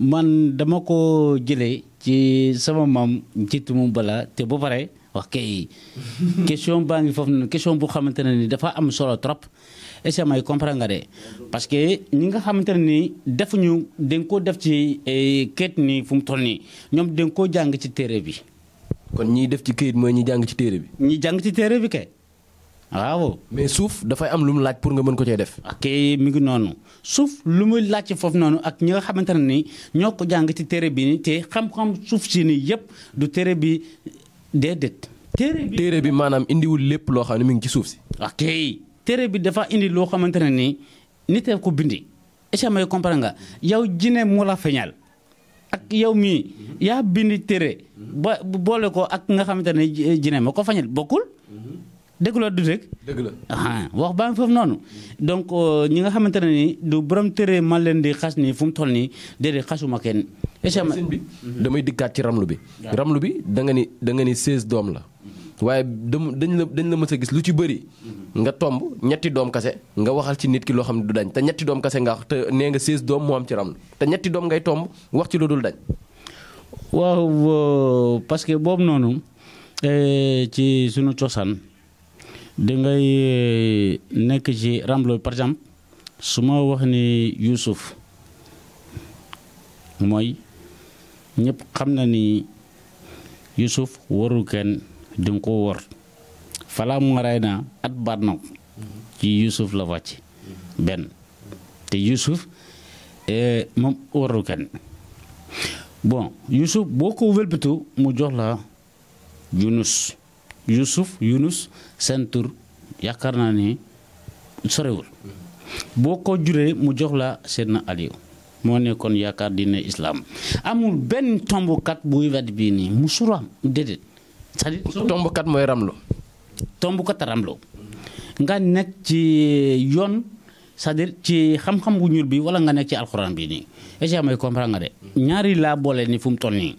man dama ko jëlee ci sama maam njiitu mu bala te ba pare wax kay <laughs> question baa ngi foofu na question bu xamante ne nii dafa am solo trop. SMA yi comprendre nga de parce que ñi nga xamante ne nii defuñu dañ koo def ci eh, kayit nii fu mu toll nii ñoom dañ koo jàng ci téere bi. kon ñiy def ci kayit mooy ñi jàng ci téere bi. ñi jàng ci téere bi kay waaw. mais suuf dafay am lu mu laaj pour nga mën ko cee def. ok mi ngi noonu suuf lu muy laaj foofu noonu ak ñi nga xamante ne nii ñoo ko jàng ci téere bi nii te xam-xam suuf si nii yëpp du téere bi déedéet. téere téere bi maanaam indiwul lépp loo xam ne mu ngi ci suuf si. téere bi dafa indi loo xamante ne nii nitee ko bindi est-ce que nga yow jinne moo la feñal ak yow mii yaa bindi téere ba boole ko ak nga xamante ne jinne moo ko feñal bokkul dëgg la du dëgg. la wax baa ngi foofu noonu. donc euh, ñi nga xamante ne nii du borom tere man leen di xas nii fu mu toll nii déedéet xasuma kenn. échec damay dikkaat ci ramlu bi. ramlu bi da nga ni da ni 16 doom la. waaye dañ la dañ la mës a gis lu ci bëri mm-hmm. nga tomb ñetti doom kase nga waxal ci nit ki loo xam ne du dañ te ñetti doom kase nga wax te nee nga 16 doom moo am ci ram te ñetti doom ngay tomb wax ci lu dul dañ. waaw euh, parce que boobu noonu euh, ci sunu cosaan dangay euh, nekk ci ramlo par exemple su ma wax ni Youssouf mooy ñëpp xam na ni Youssouf warul kenn. di nga ko wor falaa mu naa at baat na ci Yuusuf la wàcc benn te Yuusuf eh, moom warul kenn bon Yuusuf boo ko wëlbatu mu jox la Yunus Yuusuf Yunus seen tur yaakaar naa ni sorewul boo ko juree mu jox la Seydina Aliou moo nekkoon yaakaar dina islaam amul benn tombukat buy wet bii nii musuraam déedéet c'est-à-dire tombkat mooy ramlu. tombkat ramlu nga nekk ci yoon cest à ci xam-xam bu ñuul bi wala nga nekk ci alxuraan bi nii est-ce que nga de. ñaari laa boole ni fu mu toll nii.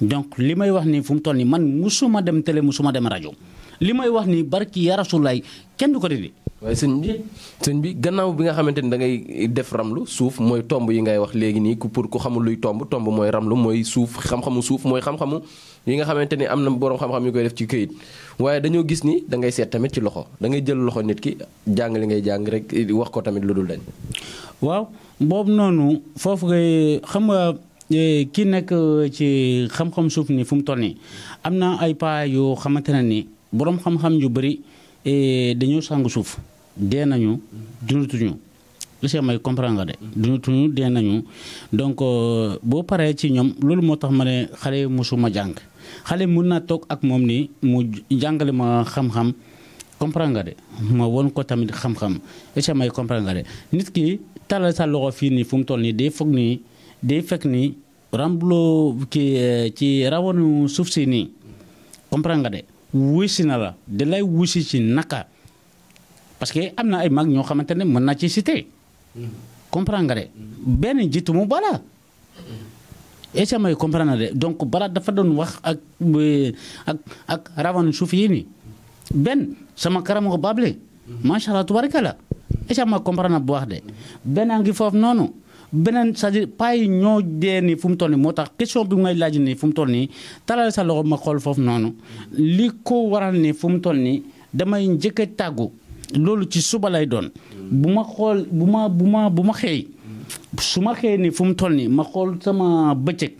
donc li may wax nii fu mu toll nii man musuma dem télé musuma dem rajo li may wax nii barki yaa kenn du ko dindi. waaye sëñ bi sëñ bi gannaaw bi nga xamante ni dangay ngay def ramlu suuf mooy tomb yi ngay wax léegi nii pour ku xamul luy tomb tomb mooy ramlu mooy suuf xam-xamu suuf mooy xam-xamu. yi nga xamante ni am na borom xam-xam ñu koy def ci këyit waaye dañoo gis ni dangay seet tamit ci loxo da ngay jël loxo nit ki jàng li ngay jàng rek wax ko tamit lu dul dañ. waaw boobu noonu foofu ngay xam nga e, ki nekk ci xam-xam suuf ni fu mu toll nii am na ay paa yoo xamante ne nii borom xam-xam yu bëri e, dañoo sangu suuf dee nañu dundatuñu. monsieur may comprendre nga de duñu tuñu dee nañu donc euh, boo paree ci ñoom loolu moo tax ma ne xale musuma jàng xale mun naa toog ak moom nii mu jàngale ma xam-xam comprendre de ma won ko tamit xam-xam est-ce que may comprendre de nit ki talal sa loxo fii nii fu mu toll nii day foog nii day fekk nii rambuloo ki eh, ci rawanu suuf si nii comprendre nga de wuusi na la da lay wuusi ci naka parce que am na ay mag ñoo xamante ne mën naa ci cité mm-hmm. comprendre nga de mm-hmm. benn jiitu mu bala esa may comprendre de donc balaa dafa doon wax ak euh, ak ak rawan suuf yi nii benn sama karamogo bable macha allah tubarikala esa may comprendre bu wax de benn a ngi foofu noonu beneen sa à ñoo dee nii fu mu toll nii moo tax question bi ngay laaj nii fu mu toll nii talal sa loxo ma xool foofu noonu lii ko waral nii fu mu toll nii damay njëkk a tàggu loolu ci suba lay doon bu ma xool bu ma bu ma bu ma xëy su ma xëyee ni fu mu toll nii ma xool sama bëccëg.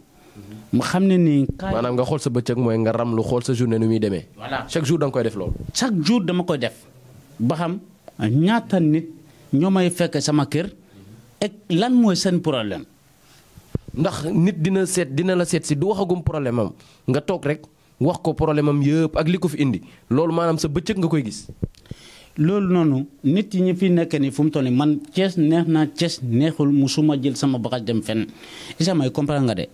ma xam ne nii. maanaam nga xool sa bëccëg mooy nga ram lu xool sa journée ni muy demee. voilà chaque jour da koy def loolu. chaque jour dama koy def ba xam ñaata nit ñoo may fekk sama kër ak lan mooy seen problème. ndax nit dina seet dina la seet si du waxagum problème am nga toog rek wax ko problème am yëpp ak li ko fi indi loolu maanaam sa bëccëg nga koy gis. loolu noonu nit yi ñu fi nekk nii fu mu toll nii man cees neex naa cees neexul musuma jël sama bagage dem fenn isa may comprendre nga de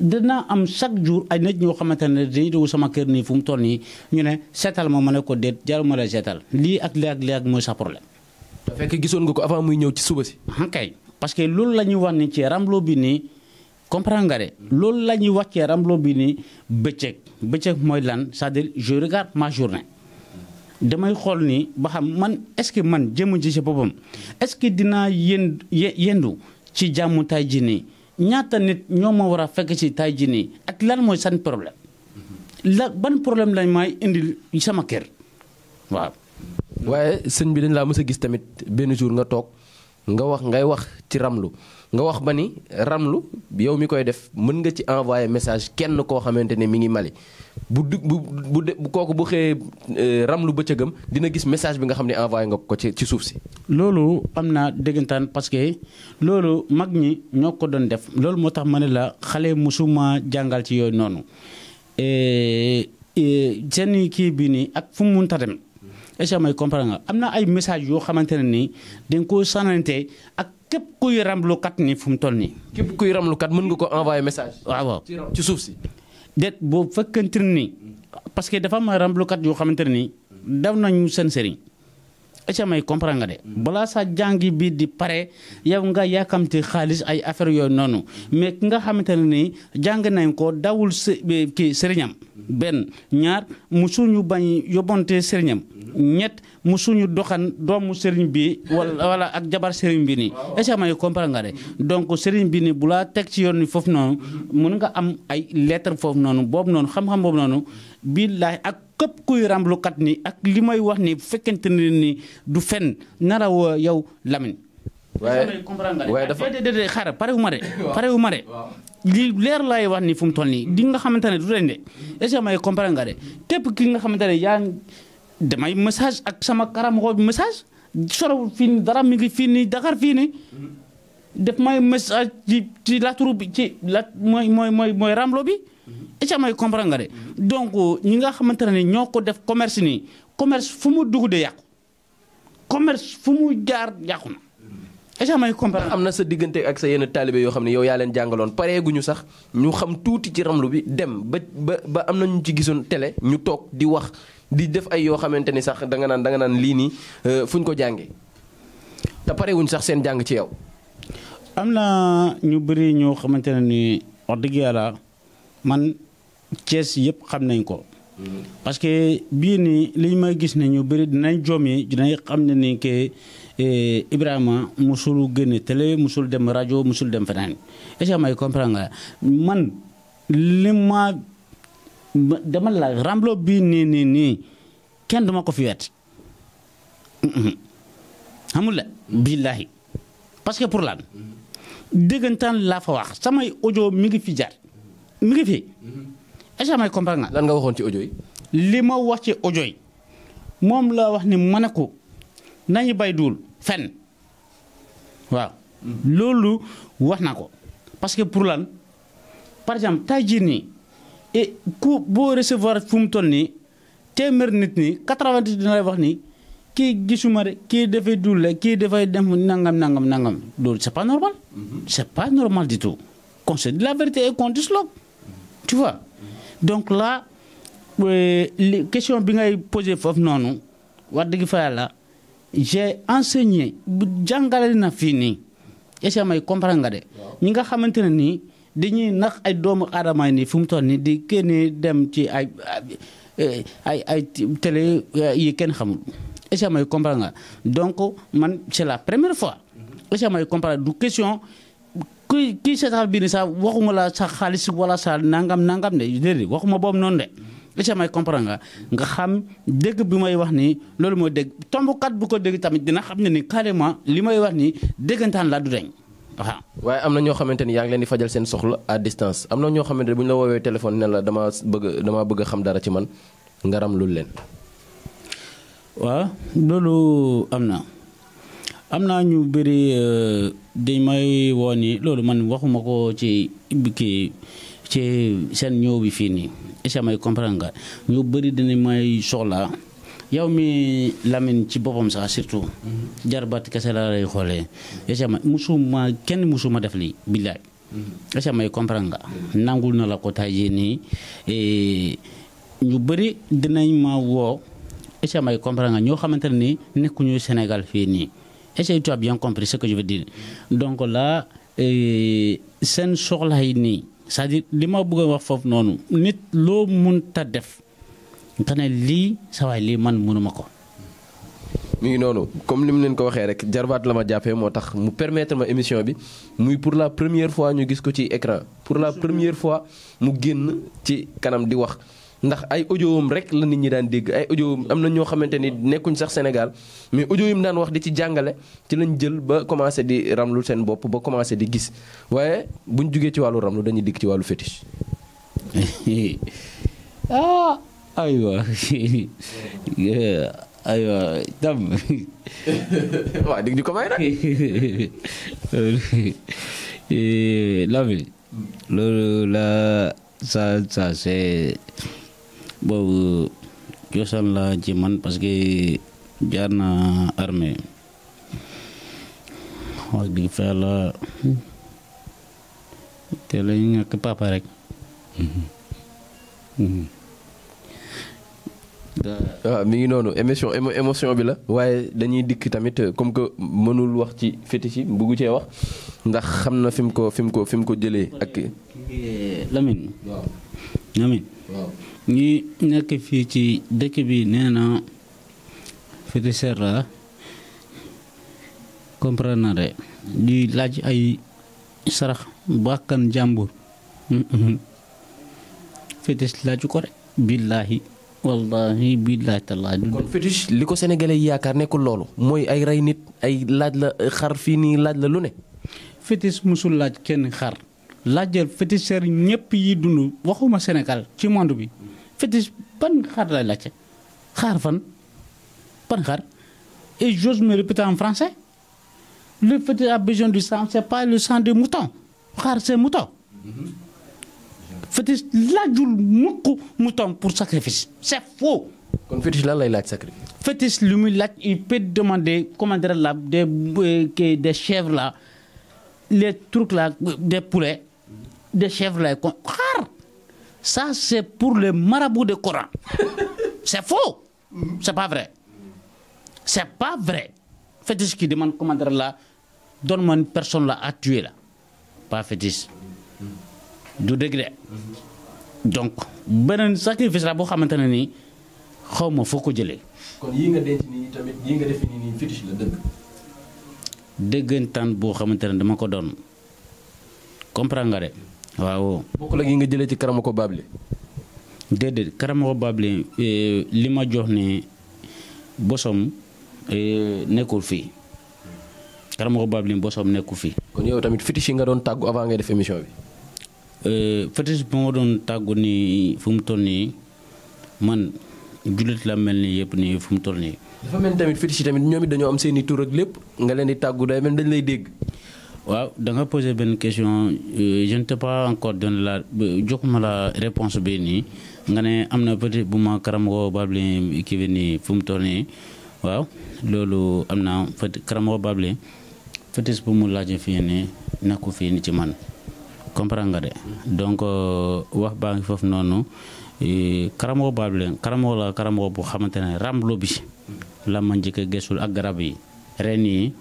dinaa am chaque jour ay nit ñoo xamante ne dañuy dugg sama kër nii fu mu toll nii ñu ne seetal ma ma ne ko déet jaruma la seetal lii ak lii ak lii ak mooy sa problème. fekk gisoon nga ko avant muy ñëw ci suba si. Ah, kay parce que loolu la ñuy wax ni ci ramlo bi nii comprendre nga de loolu la ñuy wax ci ramlo bi nii bëccëg bëccëg mooy lan c'est-à-dire je regarde ma damay xool nii ba xam man est-ce que man jëmm ji si boppam est-ce que dinaa yéen yendu ci jàmm tay ji nii ñaata nit ñoo ma war a fekk ci tay ji nii ak lan mooy seen problème la ban problème lañ may indil sama kër waaw. waaye sëñ bi dañ laa mës a gis tamit benn jour nga toog nga wax ngay wax ci ramlu. nga wax ba ni ramlu yow mi koy def mën nga ci envoyé message kenn koo xamante ne mi ngi Mali bu du bu bu kooku bu xëyee euh, ramlu bëccëgam dina gis message bi nga xam ne envoyé nga ko ci ci suuf si. loolu am naa déggantaan parce que loolu mag ñi ñoo ko doon def loolu moo tax ma ne la xale musuma jàngal ci yooyu noonu seen kii bi nii ak fu mu mënta dem. est-ce que am na ay message yoo xamante ne nii dañ koo sanante ak képp kuy ramlukat ni fu mu toll nii. képp kuy ramlukat mën nga ko envoyer message. waaw waaw ci suuf si. déet boo fekkante ni parce que dafa am ramlukat yoo xamante ni daw nañu seen sëriñ. est may comprendre nga de. balaa sa jàngi bi di pare yow nga yàkkamti xaalis ay affaire yooyu noonu mais ki nga xamante ne nii jàng nañ ko dawul eh, kii sëriñam. benn ñaar musuñu bañ yóbbante sëriñam. ñett mu suñu doxan doomu sëriñ bi wala ak jabar sëriñ bi nii est-ce que may comprendre sëriñ bi nii bu laa teg ci yoon ni foofu noonu mun nga am ay lettre foofu noonu boobu noonu xam-xam boobu noonu billaay ak képp kuy ramblukat ni ak li may wax nii bu fekkente ne ni du fen naraw yow Lamine waaye waaye dafa eh, déedéet xaaral pare wu ma de <laughs> wu ma de leer laay wax ni fu mu toll nii di nga xamante ne du leen de est-ce que may comprendre ki nga xamante damay message ak sama karamxoo message soro fii nii dara mi ngi fii nii Dakar fii nii def may message ci ci bi ci la mooy mooy mooy mooy ramlo bi ecca may comprendre nga de donc ñi nga xamante ne ñoo ko def commerce nii commerce fu mu dugg de yàqu commerce fu mu jaar yàqu na ecca may comprendre am na sa diggante ak sa yenn taalibe yoo xam ne yow yaa leen jàngaloon pareeguñu sax ñu xam tuuti ci ramlu bi dem ba ba ba am na ñu ci gisoon télé ñu toog di wax di def ay yoo xamante ni sax danga naan danga naan lii nii euh, fu ñu ko jàngee te parewuñ sax seen jàng ci yow. am na ñu bëri ñoo xamante ne ni wax dëgg yàlla man Thiès yëpp xam nañ ko. parce que bii nii liñ ma gis ne ñu bëri dinañ joom dinañ xam ne ni que eh, Ibrahima musul génne télé musul dem rajo musul dem feneen est-ce que may comprendre nga man li ma. demal la Ramlo bii nii nii nii kenn duma ko fi wet xamul la billahi parce que pour lan dëggantaan laa fa wax samay ojo mi ngi fi jar mi ngi fi mm-hmm. est-ce que may comprendre nga. lan nga waxoon ci audio yi. li ma wax ci audio yi moom laa wax ni mën a ko nañu bay duul fen waaw. Mm-hmm. loolu wax na ko parce que lan par exemple tey nii et ku boo recevoir fu mu toll nii téeméer nit nii quatre-vingt dina lay wax nii kii gisuma de kii dafay dulle kii dafay dem nangam nangam nangam loolu c'est pas normal. Mm-hmm. c'est pas normal du tout. qu'on se dise la vérité et qu'on disloque mm-hmm. tu vois donc là euh, li question bi ngay posé foofu noonu wax dëgg fa yàlla j'ai enseigné bu jàngale na fii nii est-ce que may nga de ñi nga xamante ne nii. di ñuy nax ay doomu aadama nii fu mu toll nii di kenn dem ci ay ay ay télé kenn xamul est ce may comprendre nga donc man cest la première fois est ce que may comprendre du question kuy kii seetaan bi ni sax waxuma la sax xaalis wala sa nangam nangam de déedéet waxuma boobu noonu de est may comprendre nga nga xam dëgg bi may wax nii loolu mooy dëgg tombukat bu ko dëgg tamit dina xam ne ni carrément li may wax nii dëggantaan laa du dañ waaye am na ñoo xamante ni yaa ngi leen di fajal seen soxla à distance am na ñoo xamante ni bu ñu la woowee téléphone ne la dama bëgg dama bëgg xam dara ci man ngaram ramlul leen. waa loolu am na am naa ñu bëri euh, dañ may woo ni loolu man waxuma ko ci kii ci seen ñëw bi fii nii est-ce nga ñu bëri dinañ may soxla. yow mi Lamine ci boppam sax surtout jarbaat kese la lay xoolee esama musuma kenn musuma def lii billaay mm-hmm. esama yi comprendre nga nangul na la ko tay jii nii ñu bëri dinañ ma woo esama yi comprendre nga ñoo xamante ni nii nekkuñu Sénégal fii nii essaye tu as bien compris ce que je veux mm-hmm. seen soxla nii c'est-à-dire li wax foofu noonu nit loo mun ta def te ne lii sa waay lii man mënuma ko. mu ngi noonu comme ni mu leen ko waxee rek jarbaat la ma jàppee moo tax mu permettre ma émission bi muy pour la première fois ñu gis ko ci écran pour la première fois mu génn ci kanam di wax. ndax ay audioom rek la nit ñi daan dégg ay audioom am na ñoo xamante ni nekkuñ sax Sénégal mais audio yi mu daan wax di ci jàngale ci lañ jël ba commencé di ramlu seen bopp ba commencé di gis waaye buñ jugee ci wàllu ramlu dañuy digg ci wàllu fétiche. <laughs> Ah, aywa aywa <laughs> tam. <laughs> waaw <laughs> eh, di ñu ko may nag. loolu la ça ça c'est boobu cosaan la ci man parce que jaar na armée wax dëgg fa te la ñu ñàkk papa rek. Mhm. Mhm. waaw ah, mi ngi noonu émission émotion bi la waaye dañuy dikk tamit euh, comme que mënul wax ci fétiche yi buggu cee wax ndax xam na fi ko fi mu ko fi mu ko jëlee ak Lamine Lamine ñi nekk fii ci dëkk bi nee na féticheur la comprendre na laaj ay sarax bàkkan jàmbur mm-hmm. fétiche laaju ko rek billaahi wallahi billahi tallahi du li ko sénégalais yi yaakaar nekkul loolu mooy ay rey nit ay laaj la eh, xar fii nii laaj la lu ne fétiche musul laaj kenn xar laajal féticheur ñëpp yi dund waxuma senegal ci monde bi fétiche ban xar lay laajte xaar fan ban xar et j'ose me répéter en français le fétiche a du sang c'est pas le sang de mouton xaar c'est mouton mm-hmm. fétiche laajul mukk mu tomb pour sacrifice c'est faux. kon fétiche lan lay laaj sacrifice. fétiche lu muy laaj il peut demander comment la des euh, des chèvres là les trucs la des poulets des chèvres là kon xaar ça c'est pour les marabouts de Coran <laughs> c'est faux. c'est pas vrai c'est pas vrai fétiche qui demande comment dirais la donne-moi personne là à tuer là du dëgg de donc beneen sacrifice boo xamante ne nii xaw ma foo ko jëlee. kon yii nga denc nii tamit yii nga def nii nii fétiche la dëgg. dëggantaan boo xamante ne dama ko doon comprendre nga de waaw. bokkul ak yi nga jëlee ci Karamoko Babli. déedéet Karamoko eh, li ma jox ne bosom eh, nekkul fii Karamoko Babli bosom nekkul fii. kon yow tamit fétiche yi nga doon tàggu avant ngay def émission bi. Euh, peut-être bu ma doon tàggu ni fu mu toll nii man jullit la mel ni yëpp nii fu mu toll nii. dafa mel tamit fétiche yi am seeni tur ak lépp nga leen di tàggu day mel dañ lay dégg. waaw danga nga benn question euh, je ne t'ai pas encore donné la euh, joxuma la réponse bi nii nga ne am na peut bu ma karamɔgɔ Babli kii nii fu mu toll nii waaw loolu am na peut-être karamɔgɔ Babli bu mu laajee fii nii nekku fii nii ci man. comprendre nga de donc euh, wax baa ngi foofu noonu karamɔgɔ b'a bilen karamɔgɔ la karamɔgɔ bu xamante ne ramlo bi la ma njëkk gesul ak garab yi ren yi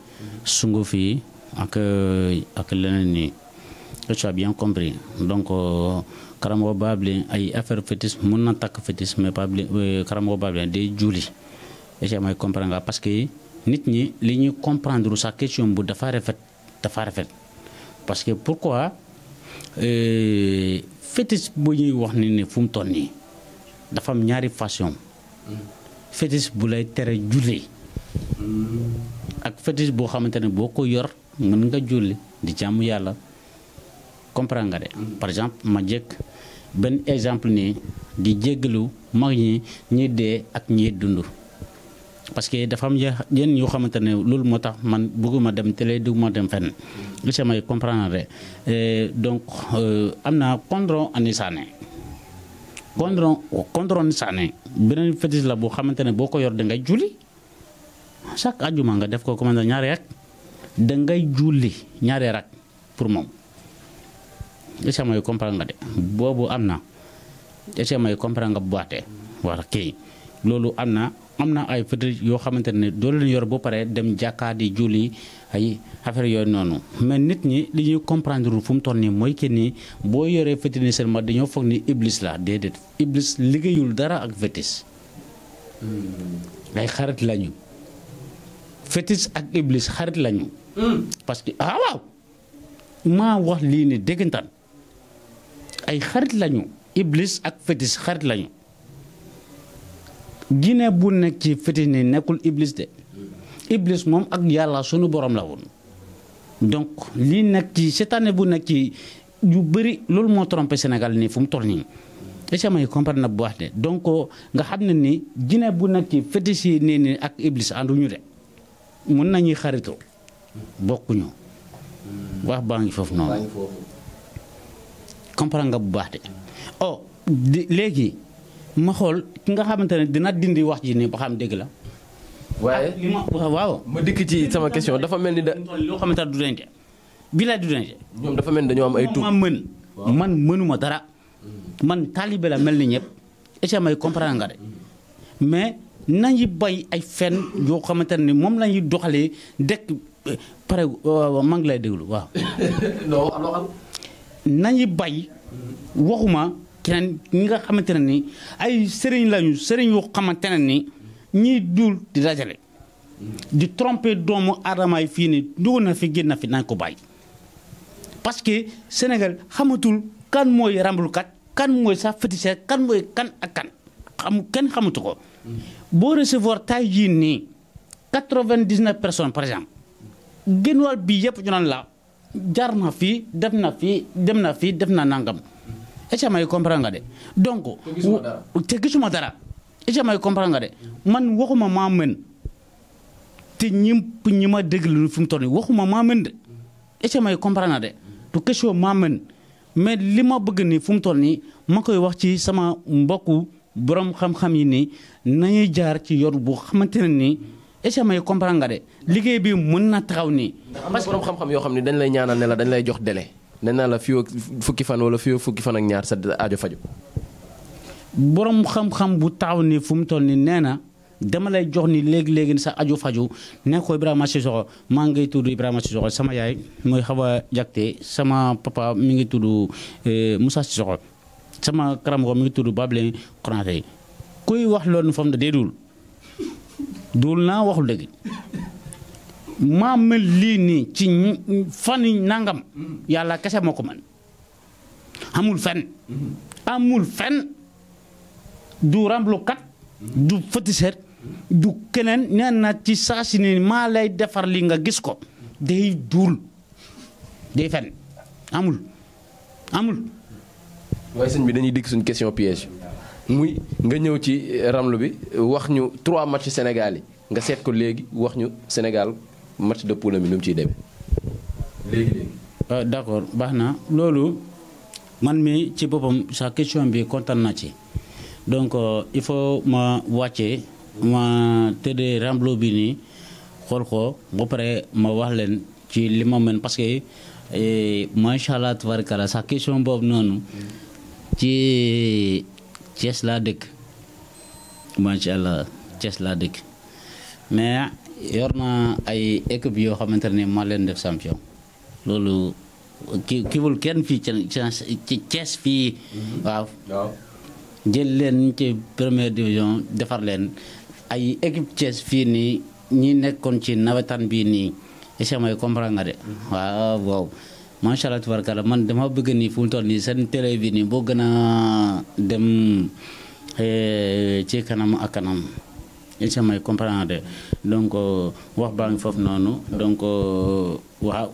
sunguf yi ak euh, ak leneen yi tu as bien donc euh, karamɔgɔ b'a ay affaire fétiche mun na takk fétiche mais pas bilen karamɔgɔ b'a bilen day juuli est nga parce que nit ñi li ñuy comprendre sa question bu dafa rafet dafa rafet parce que Euh, fétiche bu ñuy wax ni ne fu mu nii dafa am ñaari façon fétiche bu lay tere julli ak fétiche boo xamante ne boo ko yor mën nga julli di jaamu yàlla comprendre nga de. par exemple ma jëkk benn exemple nii di jéggalu mag ñi ñi dee ak ñi dund. parce que dafa am yenn yoo xamante ne loolu moo tax man bëgguma dem télé dugguma dem fenn monsieur may comprendre eh, donc euh, am na Kondron Ani Sané Kondron Kondron Sané beneen fétiche la boo xamante ne boo ko yor da ngay julli chaque ajuma nga def ko commande ñaari rak da ngay julli ñaari rak pour moom monsieur may comprendre de boobu am na monsieur may comprendre nga bu baax de war loolu am na. am na ay fëtër yoo xamante ne doo leen yor ba pare dem jàkkaar di julli ay affaire yooyu noonu mais nit ñi li ñuy comprendre fu mu toll nii mooy que ni boo yoree fëtër ni seen ma dañoo foog ni iblis la déedéet iblis liggéeyul dara ak fétis hmm. ay xarit lañu fétis ak iblis xarit lañu. Hmm. parce que ah waaw maa wax lii ne déggantaan ay xarit lañu iblis ak fétis xarit lañu. Guinée bu nekk ci fitini nekkul Iblis de Iblis moom ak yàlla sunu borom la woon donc lii nekk ci seytaane bu nekk ci yu bëri loolu moo trompé Sénégal nii fu mu toll nii. est-ce que na bu wax de donc nga xam na ni Guinée bu nekk ci fétiche nii nii ak Iblis ànduñu de mun nañuy xaritoo bokkuñu wax baa ngi foofu noonu. comprendre nga bu baax de oh léegi. ma xool ki nga xamante ne dina dindi wax ji nii ba xam dégg la. waaye ah, waaw. ma dikk ci sama question dafa mel ni da. loo xamante ne du denc. bi laa du denc. ñoom dafa mel ni dañoo am ay. tuub man mën man mënuma dara. man taalibe la mel ni ñëpp. est may comprendre nga de mais nañu bay ay fen yoo xamante ne moom la doxalee dëkk euh, pare euh, maa ngi lay déglu waaw. <laughs> non nañu bay waxuma. keneen ñi nga xamante ne ni ay sëriñ lañu sëriñ woo xamante ne ni ñiy dul di dajale di tromper doomu aadama yi fii nii dugg na fi génn na fi nañ ko bàyyi. parce que Sénégal xamatul kan mooy ramblukat kan mooy sax féticheur kan mooy kan ak kan xam kenn xamatu ko boo recevoir tay jii nii quatre-vingt-dix-neuf personnes par exemple génn wàll bi yëpp ñu la jar na fii def na fi dem na fii def na nangam. HMA yi comprendre nga de donc. te gisuma dara HMA yi comprendre nga de man waxuma maa mën te ñëpp ñi ma déglu fi mu toll nii waxuma maa mën de HMA yi comprendre de du question maa mën mais li ma bëgg nii fu mu toll nii ma koy wax ci sama mbokku borom xam-xam yi nii nañuy jaar ci yor bu xamante ne nii. HMA yi comprendre de liggéey bi mun na taxaw nii. parce que borom xam-xam yoo xam ne dañ lay ñaanal ne dañu lay jox délai. nee la fii fukki fan wala fii fukki fan ak ñaar sa aajo faju borom xam-xam bu taxaw ni fu mu toll nii nee na dama lay jox ni léegi léegi sa ajo faju ne ko Ibrahima Cissokho maa ngi tudd Ibrahima Cissokho sama yaay mooy Xawa Jakte sama papa mi ngi tudd eh, Moussa Cissokho sama karamko mi ngi tudd Bablen Konaté kuy wax loolu fam da dee duul duul naa waxul dëgg maa mel lii nii ci fan yi nangam yàlla kese moo ko man amul fenn amul fenn du ramblukat du féticheur du keneen nee na ci saa maa lay defar li nga gis ko day duul day fenn amul amul. waaye sëñ bi dañuy dikk suñ question piège muy nga ñëw ci ramlu bi wax ñu trois match Sénégal yi nga seet ko léegi wax ñu Sénégal. match de poule mi nu mu ciy demee. léegi léegi. Euh, d' accord baax na loolu man mi ci boppam sa question bi kontaan na ci donc euh, il faut ma wàcce ma tëddee remblo bi nii xool ko ba pare ma wax leen ci li ma mën parce que eh, macha allah tabarkala sa question boobu noonu ci Thiès laa dëkk macha allah Thiès laa dëkk mais. yor naa ay équipe yoo xamante ne maa leen def champion loolu ki kiwul kenn fii ci Thiès fii mhm. waaw jël leen ci première division defar leen ay équipe Thiès fii nii ñii nekkoon ci nawetaan bii nii est-ce que may comprendre de mhm. waaw waaw macha allah tubarkalla man dama bëgg nii fu mu toll nii seen télé bi nii boo gën a dem eh, ci kanam ak kanam incha may comprendre donc euh, wax baa donc euh, waaw.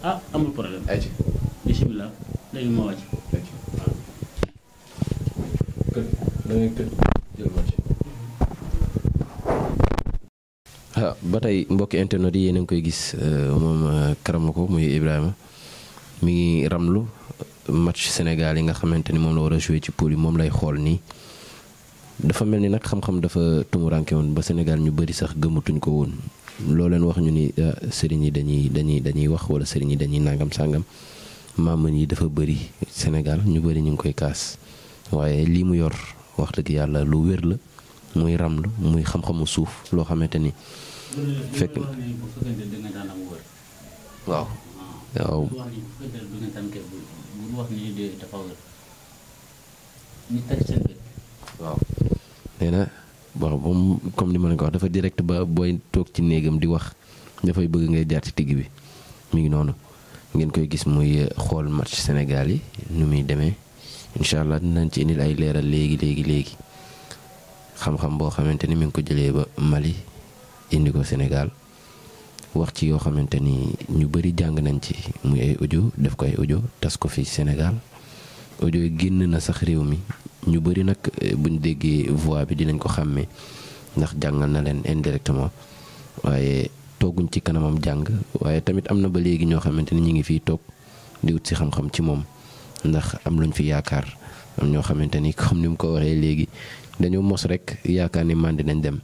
Ah, ah, ba tey mbokki internet yi yéen a ngi koy gis euh, moom Karamoko muy Ibrahima mi ngi ramlu match Sénégal yi nga xamante ni moom la war a joué ci poule yi moom lay xool nii. dafa mel ni nag xam-xam dafa tumuranke woon ba Sénégal ñu bari sax gëmatuñ ko woon loo leen wax ñu ni ah, sëriñ yi dañuy dañuy dañuy wax wala sëriñ yi dañuy nangam sàngam maamun yi dafa bari Sénégal ñu bari ñu ngi koy kaas waaye lii mu yor wax dëgg yàlla lu wér la muy ram la muy xam-xamu suuf loo xamante ni fekk na waaw waaw nee na wax moom comme ni ma leen ko wax dafa direct ba booy toog ci néegam di wax dafay bëgg ngay jaar ci digg bi mi ngi noonu ngeen koy gis muy eh, xool match Sénégal yi nu muy demee incha allah dinañ ci indil ay leeral léegi léegi léegi xam-xam boo xamante ni mi ngi ko jëlee ba Mali indi ko Sénégal wax ci yoo xamante ni ñu bëri jàng nañ ci muy ay audio def ko ay audio tas ko fi Sénégal audio génn na sax réew mi ñu bëri nag eh, buñ déggee voix bi dinañ ko xàmmee ndax jàngal na leen indirectement waaye tooguñ ci kanamam jàng waaye tamit am na ba léegi ñoo xamante ni ñu ngi fiy toog di wut si xam-xam ci moom ndax am luñ fi yaakaar am ñoo xamante ni comme ni mu ko waxee léegi dañoo mos rek yaakaar ni màndi nañ dem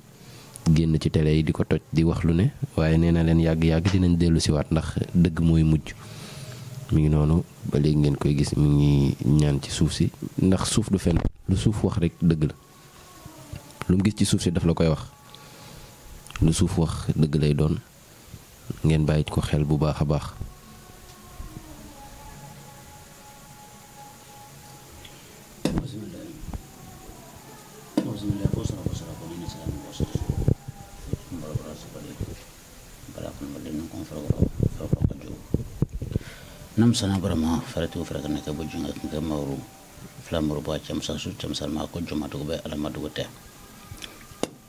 génn ci télé yi di ko toj di wax lu ne waaye nee na leen yàgg-yàgg dinañ dellu siwaat ndax dëgg mooy mujj mu ngi noonu ba léegi ngeen koy gis mi ngi ñaan ci suuf si ndax suuf du fen lu suuf wax rek dëgg la lu mu gis ci suuf si daf la koy wax lu suuf wax dëgg lay doon ngeen bàyyi ko xel bu baax a baax samsana vraiment faratigo farakanna ke bo junga ke mawru flamuru bo chamsa su chamsa ma ko juma to alama to te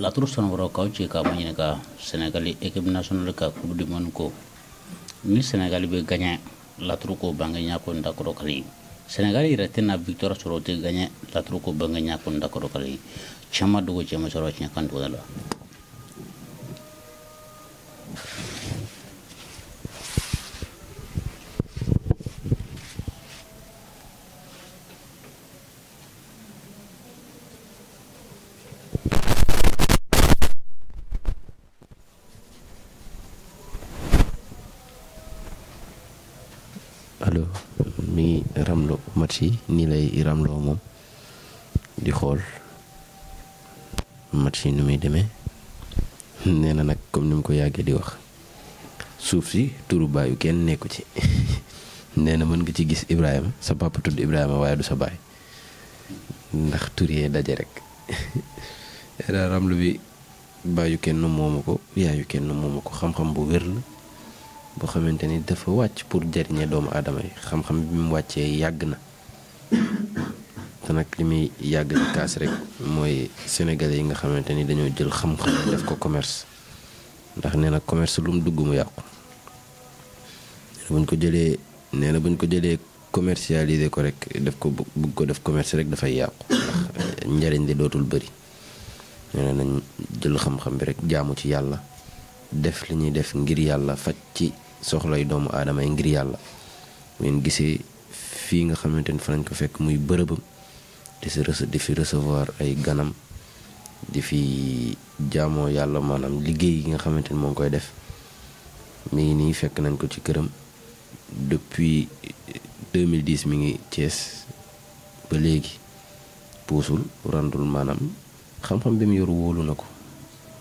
la turu son woro ka ci ka mo ka senegali équipe nationale ka coupe du ko ni senegali be gagner la ko bangi nya ko ndakoro kali senegali yɛrɛ tɛna victoire sɔrɔ o tɛ gaɲɛ laturu ko bange ɲa ko ndakɔrɔ kala ye caman dogo cɛma sɔrɔ tiɲɛ kan dogo la yi nii lay Iram Lo moom di xool match yi nu muy demee nee na nag comme ni mu ko yàggee di wax suuf si turu baayu kenn nekku ci <laughs> nee na mën nga ci gis Ibrahima sa papa tudd Ibrahima waaye du sa baay ndax tur yee daje rek daa <laughs> ramlu bi baayu kenn moomu ko yaayu kenn moomu ko xam-xam bu wér la boo xamante ni dafa wàcc pour jariñe doomu aadama yi xam-xam bi mu wàccee yàgg na te nag li muy yàgg di kaas rek mooy sénégalais yi nga xamante ni dañoo jël xam-xam def ko commerce ndax nee na commerce lu dugg mu yàqu buñ ko jëlee nee na buñ ko jëlee commercialiser ko rek def ko bëgg ko def commerce rek dafay yàqu ndax eh, njariñ li dootul bëri nee na nañ jël xam-xam bi rek jaamu ci yàlla def li ñuy def ngir yàlla faj ci soxlay doomu aadama yi ngir yàlla bu ngeen nga xamante ni fa lañ ko fekk muy bërëbam di si rece fi recevoir ay ganam di fi jaamoo yàlla maanaam liggéey yi nga xamante ni moo ngi koy def mi ngi nii fekk nañ ko ci këram depuis 2010 mi ngi Thiès ba léegi puusul randul maanaam xam-xam bi mu yoru wóolu na ko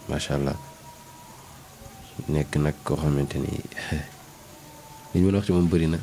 macha allah nekk nag koo xamante ni <laughs> li ñu a wax ci moom bëri na.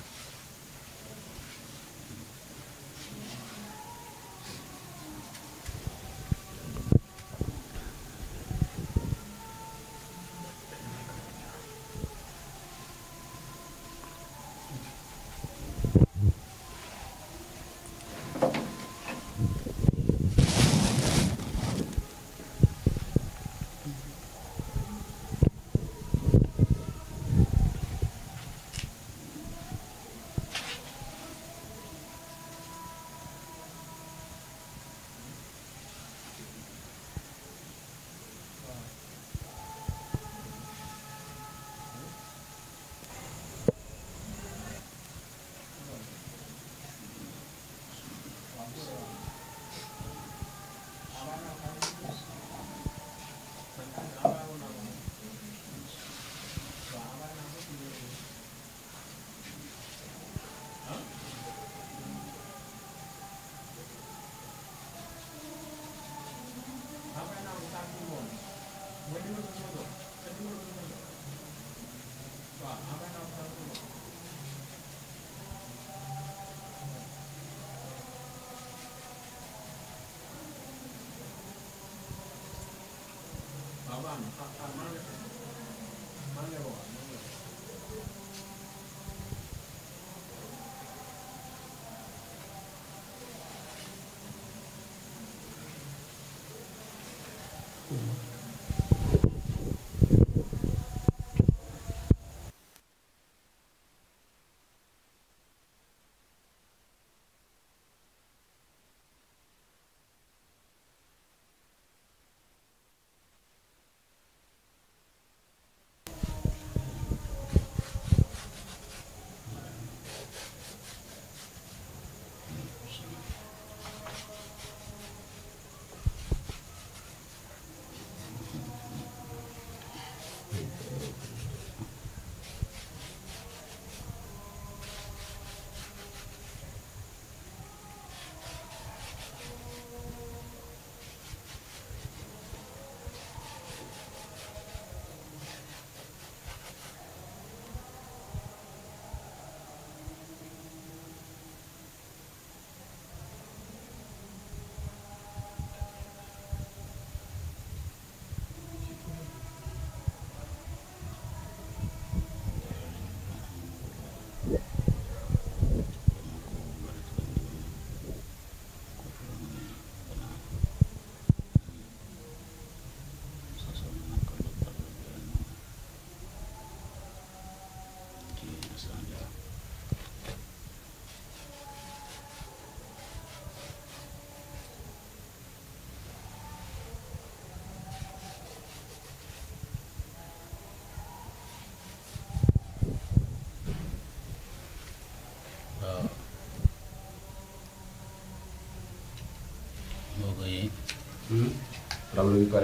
tollu ko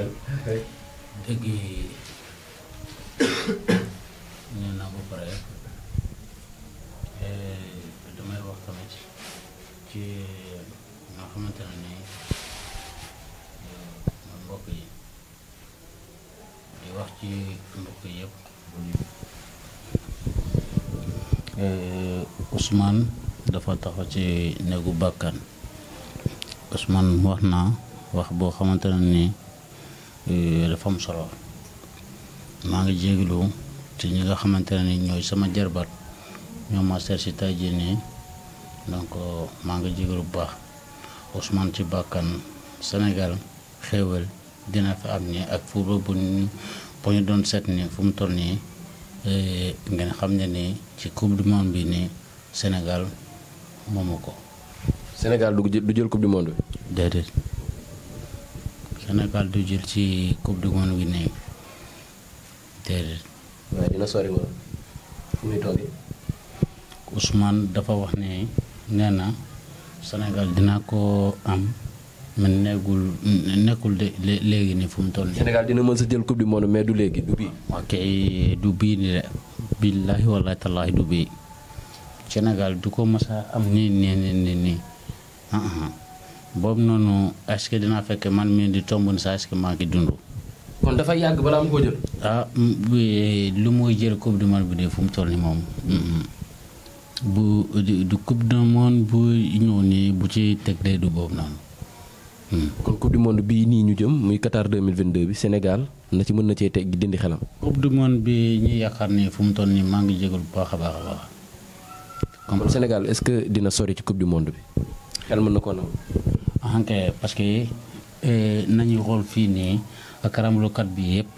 dëgg yi nee naa ba eh, damay wax tamit ci eh, nga xamante ne nii eh, mbokk yi di wax ci mbokk yëpp. Ousmane dafa taxaw ci néegu bàkkan Ousmane wax naa wax boo xamante ne nii. Eh, dafa solo maa ngi jégalu ci ñi nga xamante ni ñooy sama jarbaat ñoo ma seet si tey donc maa ngi jégalu bu baax Ousmane ci bàkkan Sénégal xéewal dina fi am ni ak fu bu bu ñu doon seet nii fu mu toll nii eh, ngeen xam ne nii ci coupe du monde bi nii Sénégal moomu ko. Sénégal du jël coupe du monde bi. Sénégal du jël ci coupe du monde bi ne déedéet. waaye dafa wax ne nee na Sénégal dina ko am man nekkul léegi nii fu mu toll nii. Sénégal dina mën sa jël coupe du monde mais du léegi du bii. ok du bii nii de billaahi wallaahi tallaahi du bii Sénégal du ko mës am nii nii nii nii ah, ah. boobu noonu est-ce dinaa fekk man mii di tombon saa est-ce maa ngi dund. kon dafa yàgg balaa mu ko jël. Ah, lu mooy jël coupe du monde bi fu mu toll nii moom. bu du coupe du monde bu ñëw nii bu ci teg day du boobu noonu. Mm. kon coupe bii nii ñu jëm muy Qatar 2022 bi Sénégal na ci mën na cee dindi xelam. coupe du monde bi ñuy yaakaar ni fu mu toll nii maa ngi jégalu bu baax a baax a baax. comme Sénégal est-ce que dina sori ci coupe du monde bi xel mën na koo naw. hanke parce que eh, nañu xool fii nii karamlukat bi yëpp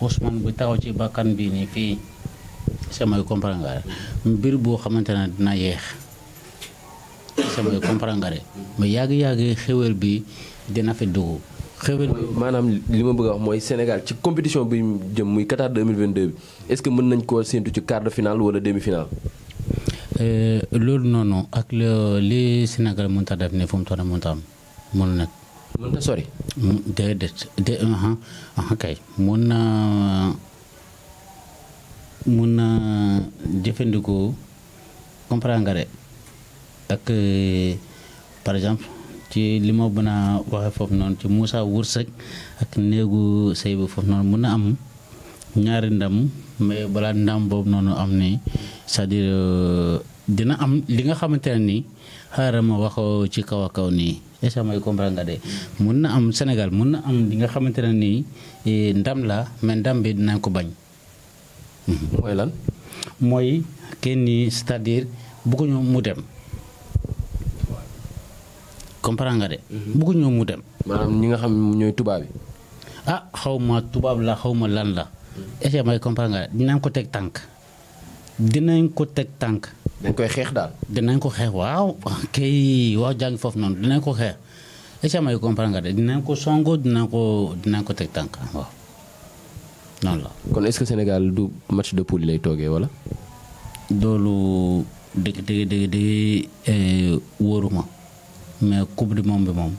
Ousmane bu taxaw ci bakkan bii nii fii samay comprendre nga mbir boo xamante ne dina yeex samay comprendre nga mais yàgg-yàgg xewér bi dina fi dugg xewér bi maanaam li ma bëgg a wax mooy Sénégal ci compétition bi jëm muy Qatar 2022 bi est-ce que mën nañ koo séntu ci quart de finale wala demi-finale Euh, loolu noonu ak li Sénégal mënut a def ne fu mu toll uh-huh, uh-huh, mën na sori. déedéet dé mun na jëfandikoo comprendre nga de ak euh, par exemple ci li ma mën a waxee foofu noonu ci Moussa wërsëg ak néegu sëy bi foofu noonu mun na am ñaari ndam mais balaa ndam boobu noonu am ni cest à euh, dina am li nga xamante ne nii xaaral ma wax ci kaw a nii est-ce que nga de mun na am senegal mun na am li nga xamante ne nii eh, ndam la mais ndam bi ko bañ. mooy lan. mooy kenn ni c'est-à-dire bëgguñu mu dem. comprendre nga de. Mhm. mu dem. ñi nga xam ñooy tubaab yi. ah xaw ma xaw ma lan la. Mhm. est-ce que dinañ ko teg tànk. dinañ ko teg tànk. dañ koy xeex daal. dinañ ko xeex waaw kay waaw jàng foofu noonu dinañ ko xeex est-ce que nga de dinañ ko songo dinañ ko dinañ ko teg tànk waaw noonu la. kon est-ce que Sénégal du match de poule lay toogee wala. loolu dëgg dëgg dëgg dëgg eh, wóoruma mais coupe du monde bi moom.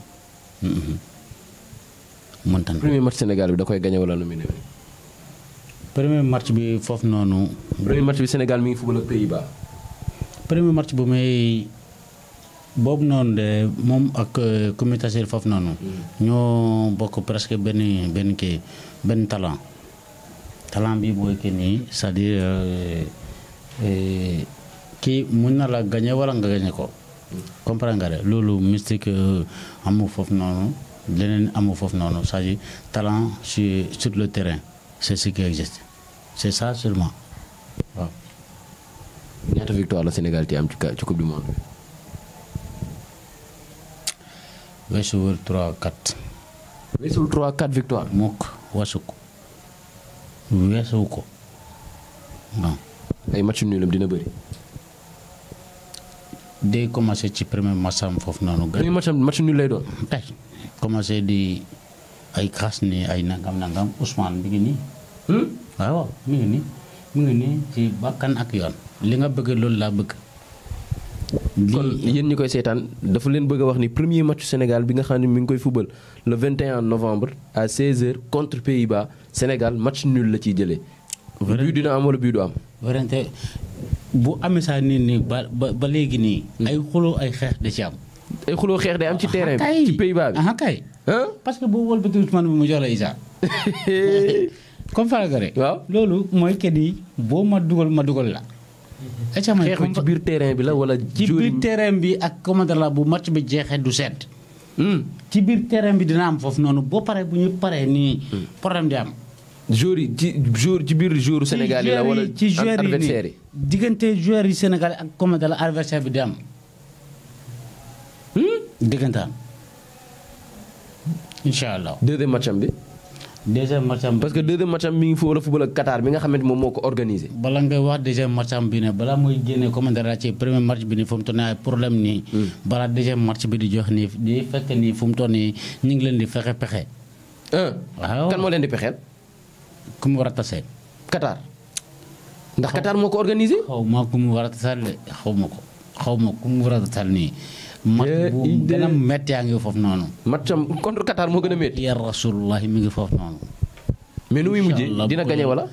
Mm-hmm. mën tan da koy gagné wala bi foofu noonu. premier mi ngi football premier match bu may boobu noonu de moom ak communication euh, foofu noonu. Mm. ñoo bokk presque benn benn kii benn talent. talant bi booy kii nii c'est-à-dire euh, euh, kii mun na la gagné wala nga gagné ko. Mm. comprendre nga de loolu mystique amul foofu noonu leneen amul foofu noonu cest dire talent sur le terrain c'est ce qui existe c'est ça seulement. ñaata victoire la Sénégal ci am ci ci coupe du monde victoire. mukk weesu ko weesuwu ko non. ay match nulam dina bëri. day commencé ci premier match foofu noonu. gën match am match nul lay doon. tey commencé di ay xas ni ay nangam nangam Ousmane mi ngi nii. Hmm? waaw mi ngi nii mi ngi nii ci bakkan ak yoon. li nga bëgg loolu laa bëgg. kon yéen ñi koy seetaan dafa leen bëgg a wax ni premier match Sénégal bi nga xam ne mi ngi koy fubal le 21 novembre à 16h contre Pays-Bas Sénégal match nul la ciy jëlee. bii dina am wala bii du am. wérante bu amee sa nii nii ba ba ba léegi nii. Hmm. ay xuloo ay xeex da ci am. ay xuloo xeex day am ci ah, ah, terrain bi ci Pays-Bas bi ah kay parce que boo wëlbatee Ousmane bi mu jox la Isa. <laughs> comme Fara waaw loolu mooy que ni boo ma dugal ma dugal la. xeex bi ci biir terrain bi la wala. ci biir terrain bi ak commandant bu match bi jeexee du set. Hmm. ci biir terrain bi dina am foofu noonu boo paree bu ñu paree nii. Hmm. problème di am. joueurs ci biir jour Sénégal yi la wala ci joueurs yi nii diggante joueurs yi Sénégal ak commandant la bi di am. Hmm? dëggantaan. incha allah deuxième match bi. deuxième match am parce que deuxième match am mi ngi a football ak Qatar bi nga xamante moom moo ko organisé. bala ngay wax deuxième match am bi ne balaa mooy génne commentaire la ci premier match bi nii fu mu toll nii ay problème nii. Hmm. balaa deuxième match bi di jox nii di fekk nii fu mu toll nii ñu ngi leen di fexe pexe. waaw kan moo leen di pexeel. ku mu war a tase. Qatar. ndax Qatar moo ko organisé. xaw ma ku mu war a tasal xaw ma ko xaw ku mu war a tasal nii. mat eh, bu gën a métti yaa ngi foofu noonu. mat tam contre Qatar moo gën a métti. ya rasulullah mi ngi foofu noonu. mais nu muy mujjee dina gagné wala.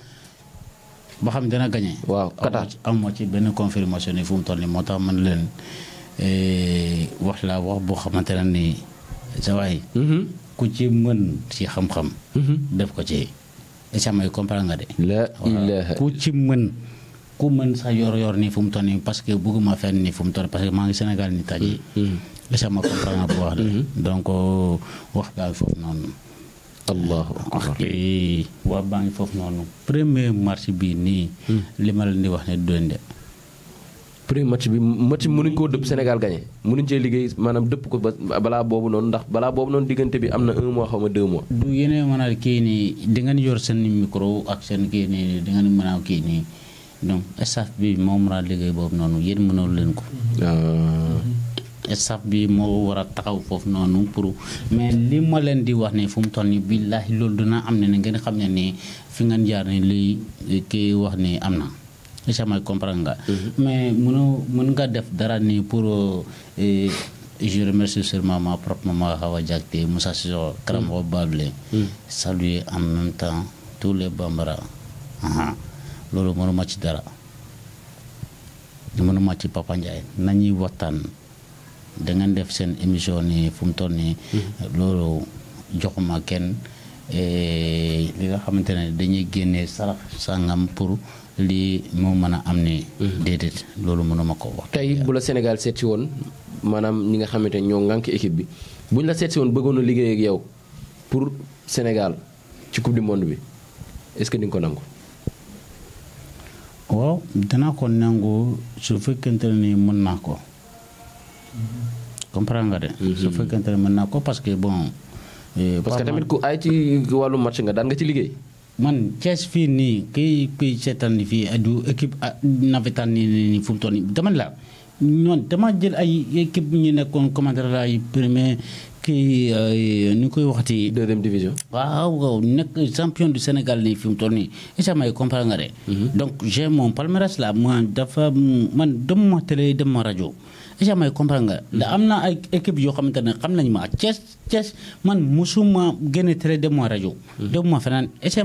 ba xam dina gagné. waaw Qatar amoo ci benn confirmation ni fu mu toll nii moo tax man leen eh, wax la wax boo xamante ne nii sa waay. Mm-hmm. ku ci mën ci xam-xam. Mm-hmm. def ko ci. est ce nga de. ku ci mën. ku mën sax yor-yor nii fu mu toll parce que bëgguma fenn nii fu mu toll parce que maa ngi Sénégal ni taji est ma comprendre bu mm-hmm. euh, wax de donc wax baa ngi foofu wax baa ngi foofu noonu premier match bi nii. Mm. li ma la di wax ne doon de. premier match bi match bi mënuñ koo dëpp Sénégal gagné mënuñ cee liggéey maanaam dëpp ko ba balaa boobu noonu ndax balaa boobu noonu diggante bi am na un mois xaw ma deux mois. du yeneen mën kii nii di ngeen yor seen micro ak seen kii nii di nii. donc staff bi moo mën a liggéey boobu noonu yéen mënul leen ko. Euh. staff bi moo war a taxaw foofu noonu pour mais li ma leen di wax ne fu mu toll nii billaahi loolu dina am ne ne ngeen xam ne nii fi ngeen jaar ne lii kii wax ne am na. incha allah comprendre nga. Mhm. mais mënoo mën nga def dara nii pour. Euh, je remercie sûrement ma propre maman Hawa Diakité Moussa Sissoko Karamɔgɔ mhm. Bablé mhm. saluer en même temps tout les bambara. loolu mënuma ci dara mënuma ci Papa Ndiaye nañuy waxtaan da ngeen def seen émission nii fu mu toll nii. Mm-hmm. loolu joxuma kenn li nga xamante ne dañuy génnee sarax sangam pour lii moo mën a am ni mm-hmm. déedéet loolu mënuma ko wax. tey bu la Sénégal seet woon maanaam ñi nga xamante ne ñoo ŋànk équipe bi bu buñ la seet woon bëggoon a liggéey ak yow pour Sénégal ci coupe du monde bi est-ce que di ko nangu. waaw dinaa ko nangu su fekkente ni mën naa ko. comprendre nga de. Mhm. su fekkente ne mën naa ko parce que bon. Eh, parce que tamit ku ay ci wàllu match nga daan nga ci liggéey. man Thiès fii nii kii kuy seetaan fii du équipe ah, navétane nii nii dama la ñoon dama jël ay équipe ñu nekkoon commandeur la ay premier kii ni koy waxati. deuxième division. waaw waaw nekk champion du Sénégal nii fi mu toll nii isa may comprendre nga de. Mhm. donc j'ai mon palmarès là man dafa man dem ma télé dem ma rajo. isa may comprendre nga. Mhm. am na ay équipe yoo xamante ne xam nañu ma Thiès Thiès man musuma génne télé dem ma rajo. Mhm. ma feneen isa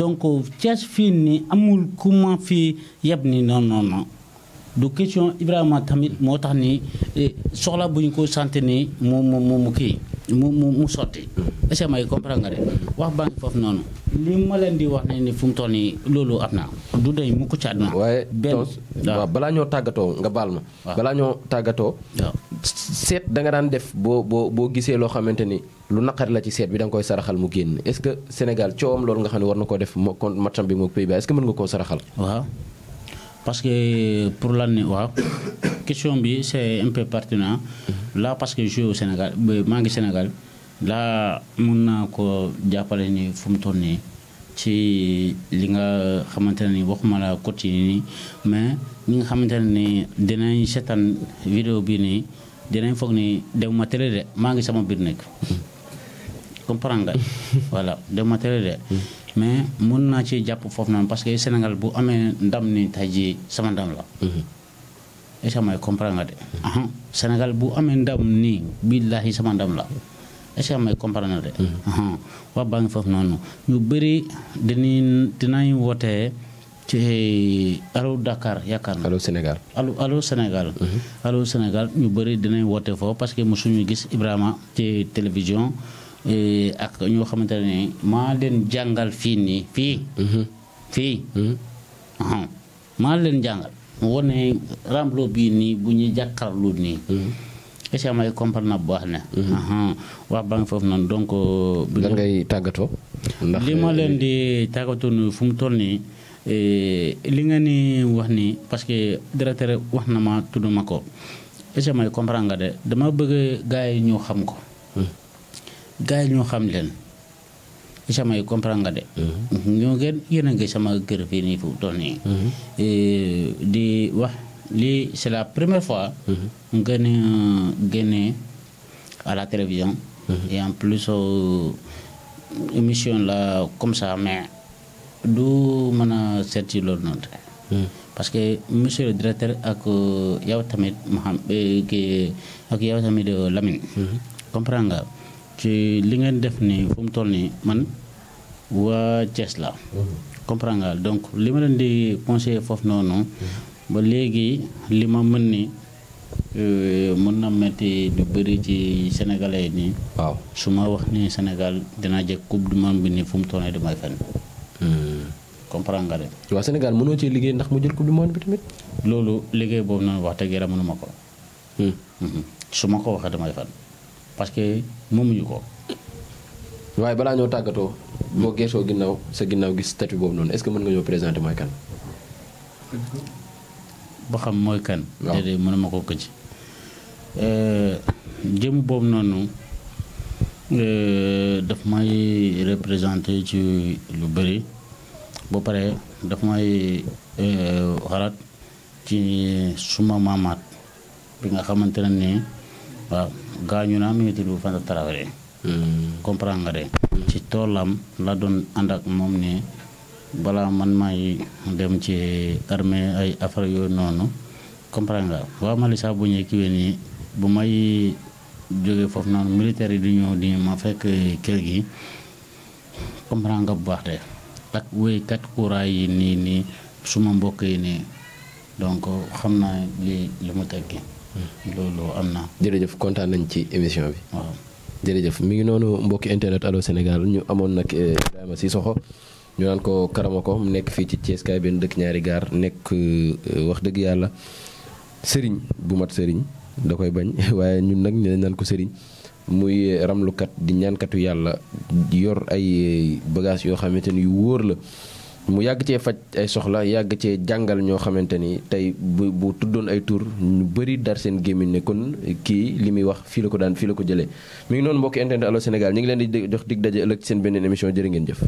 donc Thiès fii nii amul ku ma fi yeb ni non non non. du question Ibrahima tamit moo tax ni eh, soxla bu ñu ko sante ni mu mu mu kii mu mu mu sotti mm-hmm. est-ce que nga de wax baa ngi foofu noonu li ma leen di wax ne ni fu mu toll nii loolu am na du day mu ko ci àdduna waaye toos waaw balaa ñoo tàggatoo nga baal ma balaa ñoo tàggatoo seet da nga daan def boo boo boo gisee loo xamante ni lu naqar la ci seet bi da koy saraxal mu génn est-ce que Sénégal coowam loolu nga xam ne war na ko def moo kon matcham bi moo pays nga koo saraxal parce que pour l'année waaw question bi c'est un peu pertinent là parce que je Sénégal maa ngi Sénégal laa mun naa ko jàppale ni fu mu toll nii ci li nga xamante ne ni waxuma la côté nii mais ñi nga xamante ne ni dinañ seetaan vidéo bi nii dinañ foog ni demuma télé de maa ngi sama biir nekk mm-hmm. comprendre nga <laughs> voilà demuma télé de mm-hmm. mais mun naa ci jàpp foofu noonu parce que Sénégal bu amee ndam ni tey jii sama ndam la. est may comprendre nga de. Sénégal bu amee ndam nii billaahi sama ndam la est ce que may comprendre nga de. Mhm. wax baa ngi foofu noonu ñu bëri ci eh, allo Dakar yaakaar na. Sénégal allo allo Sénégal. Mhm. allo ñu bëri dinañ woote foofu parce que mosuñu gis Ibrahima ci télévision. Eh, ak ñoo xamante ne maa leen jàngal fii nii fii. Mhm. fii. Mhm. maa leen jàngal. mu wane remblo bii nii bu ñuy jàkkaarloo nii. Mhm. est-ce que may na bu baax ne. wax ba nga foofu noonu donc. Euh, bi nga tàggatoo. ndax euh, di tàggatoo nii fu mu toll nii euh, li nga wax nii parce que directeur wax na ma tudd ma ko est-ce que may nga de dama bëgg gars yi ñëw xam ko. gars yi ñu xam leen sama yi comprendre nga de. Mm-hmm. ñoo ngeen yéen ngi sama kër fii nii fu doon nii. Mm-hmm. Eh, di wax lii c'est la première fois. Mm-hmm. ngeen génne à la télévision. et en plus euh, émission la comme ça mais du mën a seet ci loolu noonu. Mm. parce que monsieur directeur euh, euh, ak yow tamit Mouhamed ak yow tamit Lamine. comprendre nga. ci li ngeen def nii fu toll nii man waa cees la comprendre nga donc li ma leen di conseiller foofu noonu ba léegi li ma mën ni euh, mën na metti lu bëri ci sénégalais nii waaw su ma wax nii Sénégal dinaa jëkk coupe du monde bi nii fu mu toll nii damay fen hmm. comprendre nga de waaw Sénégal mënoo ci liggéey ndax mu jël coupe du monde bi tamit loolu liggéey boobu noonu wax dëgg yàlla mënuma ko hmm. mhm. su ma ko waxee damay fen parce que moomuñu ko. waaye balaa ñoo tàggatoo boo geesoo ginnaaw sa ginnaaw gi statut boobu noonu est-ce que mën xam mooy kan. waaw déedéet mënuma ko euh, jëm boobu noonu euh, daf may représenter ci lu bëri ba pare daf may euh, xalaat ci suma maamaat bi nga xamante ne waaw. gaañu naa mu ngi tudd Fanta nga de. ci toolam la doon ànd ak moom ne balaa man maay dem ci armée ay affaire yooyu noonu comprendre nga waa Mali sax bu ñu kiiwee nii bu may jógee foofu noonu militaire yi du ñëw di ma fekk kër gi comprendre nga bu baax de ak wéykat kuuraay yi nii nii suma mbokk yi nii donc xam naa li li mu tekki. loolu am na. jërëjëf kontaan nañ ci émission bi. waaw mi ngi noonu mbokki internet Allô Sénégal ñu amoon nag eh, Ibrahima soxo ñu naan ko ko mu nekk fii ci Thiès kay benn dëkk ñaari gaar nekk eh, wax dëgg yàlla sëriñ bu mat sëriñ da koy bañ <laughs> waaye ñun nag ñu naan ko sëriñ. muy ramlukat di ñaankatu yàlla yor ay eh, bagages yoo xamante ni yu wóor la mu yàgg cee faj ay soxla yàgg cee jàngal ñoo xamante ni tey bu bu tuddoon ay tur ñu bari dar seen gémmiñ ne kon kii li muy wax fii la ko daan fii la ko jëlee mu ngi noonu mbokki internet Allô Sénégal ñu ngi leen di jox dig daje ëllëg seen beneen émission jërë ngeen jëf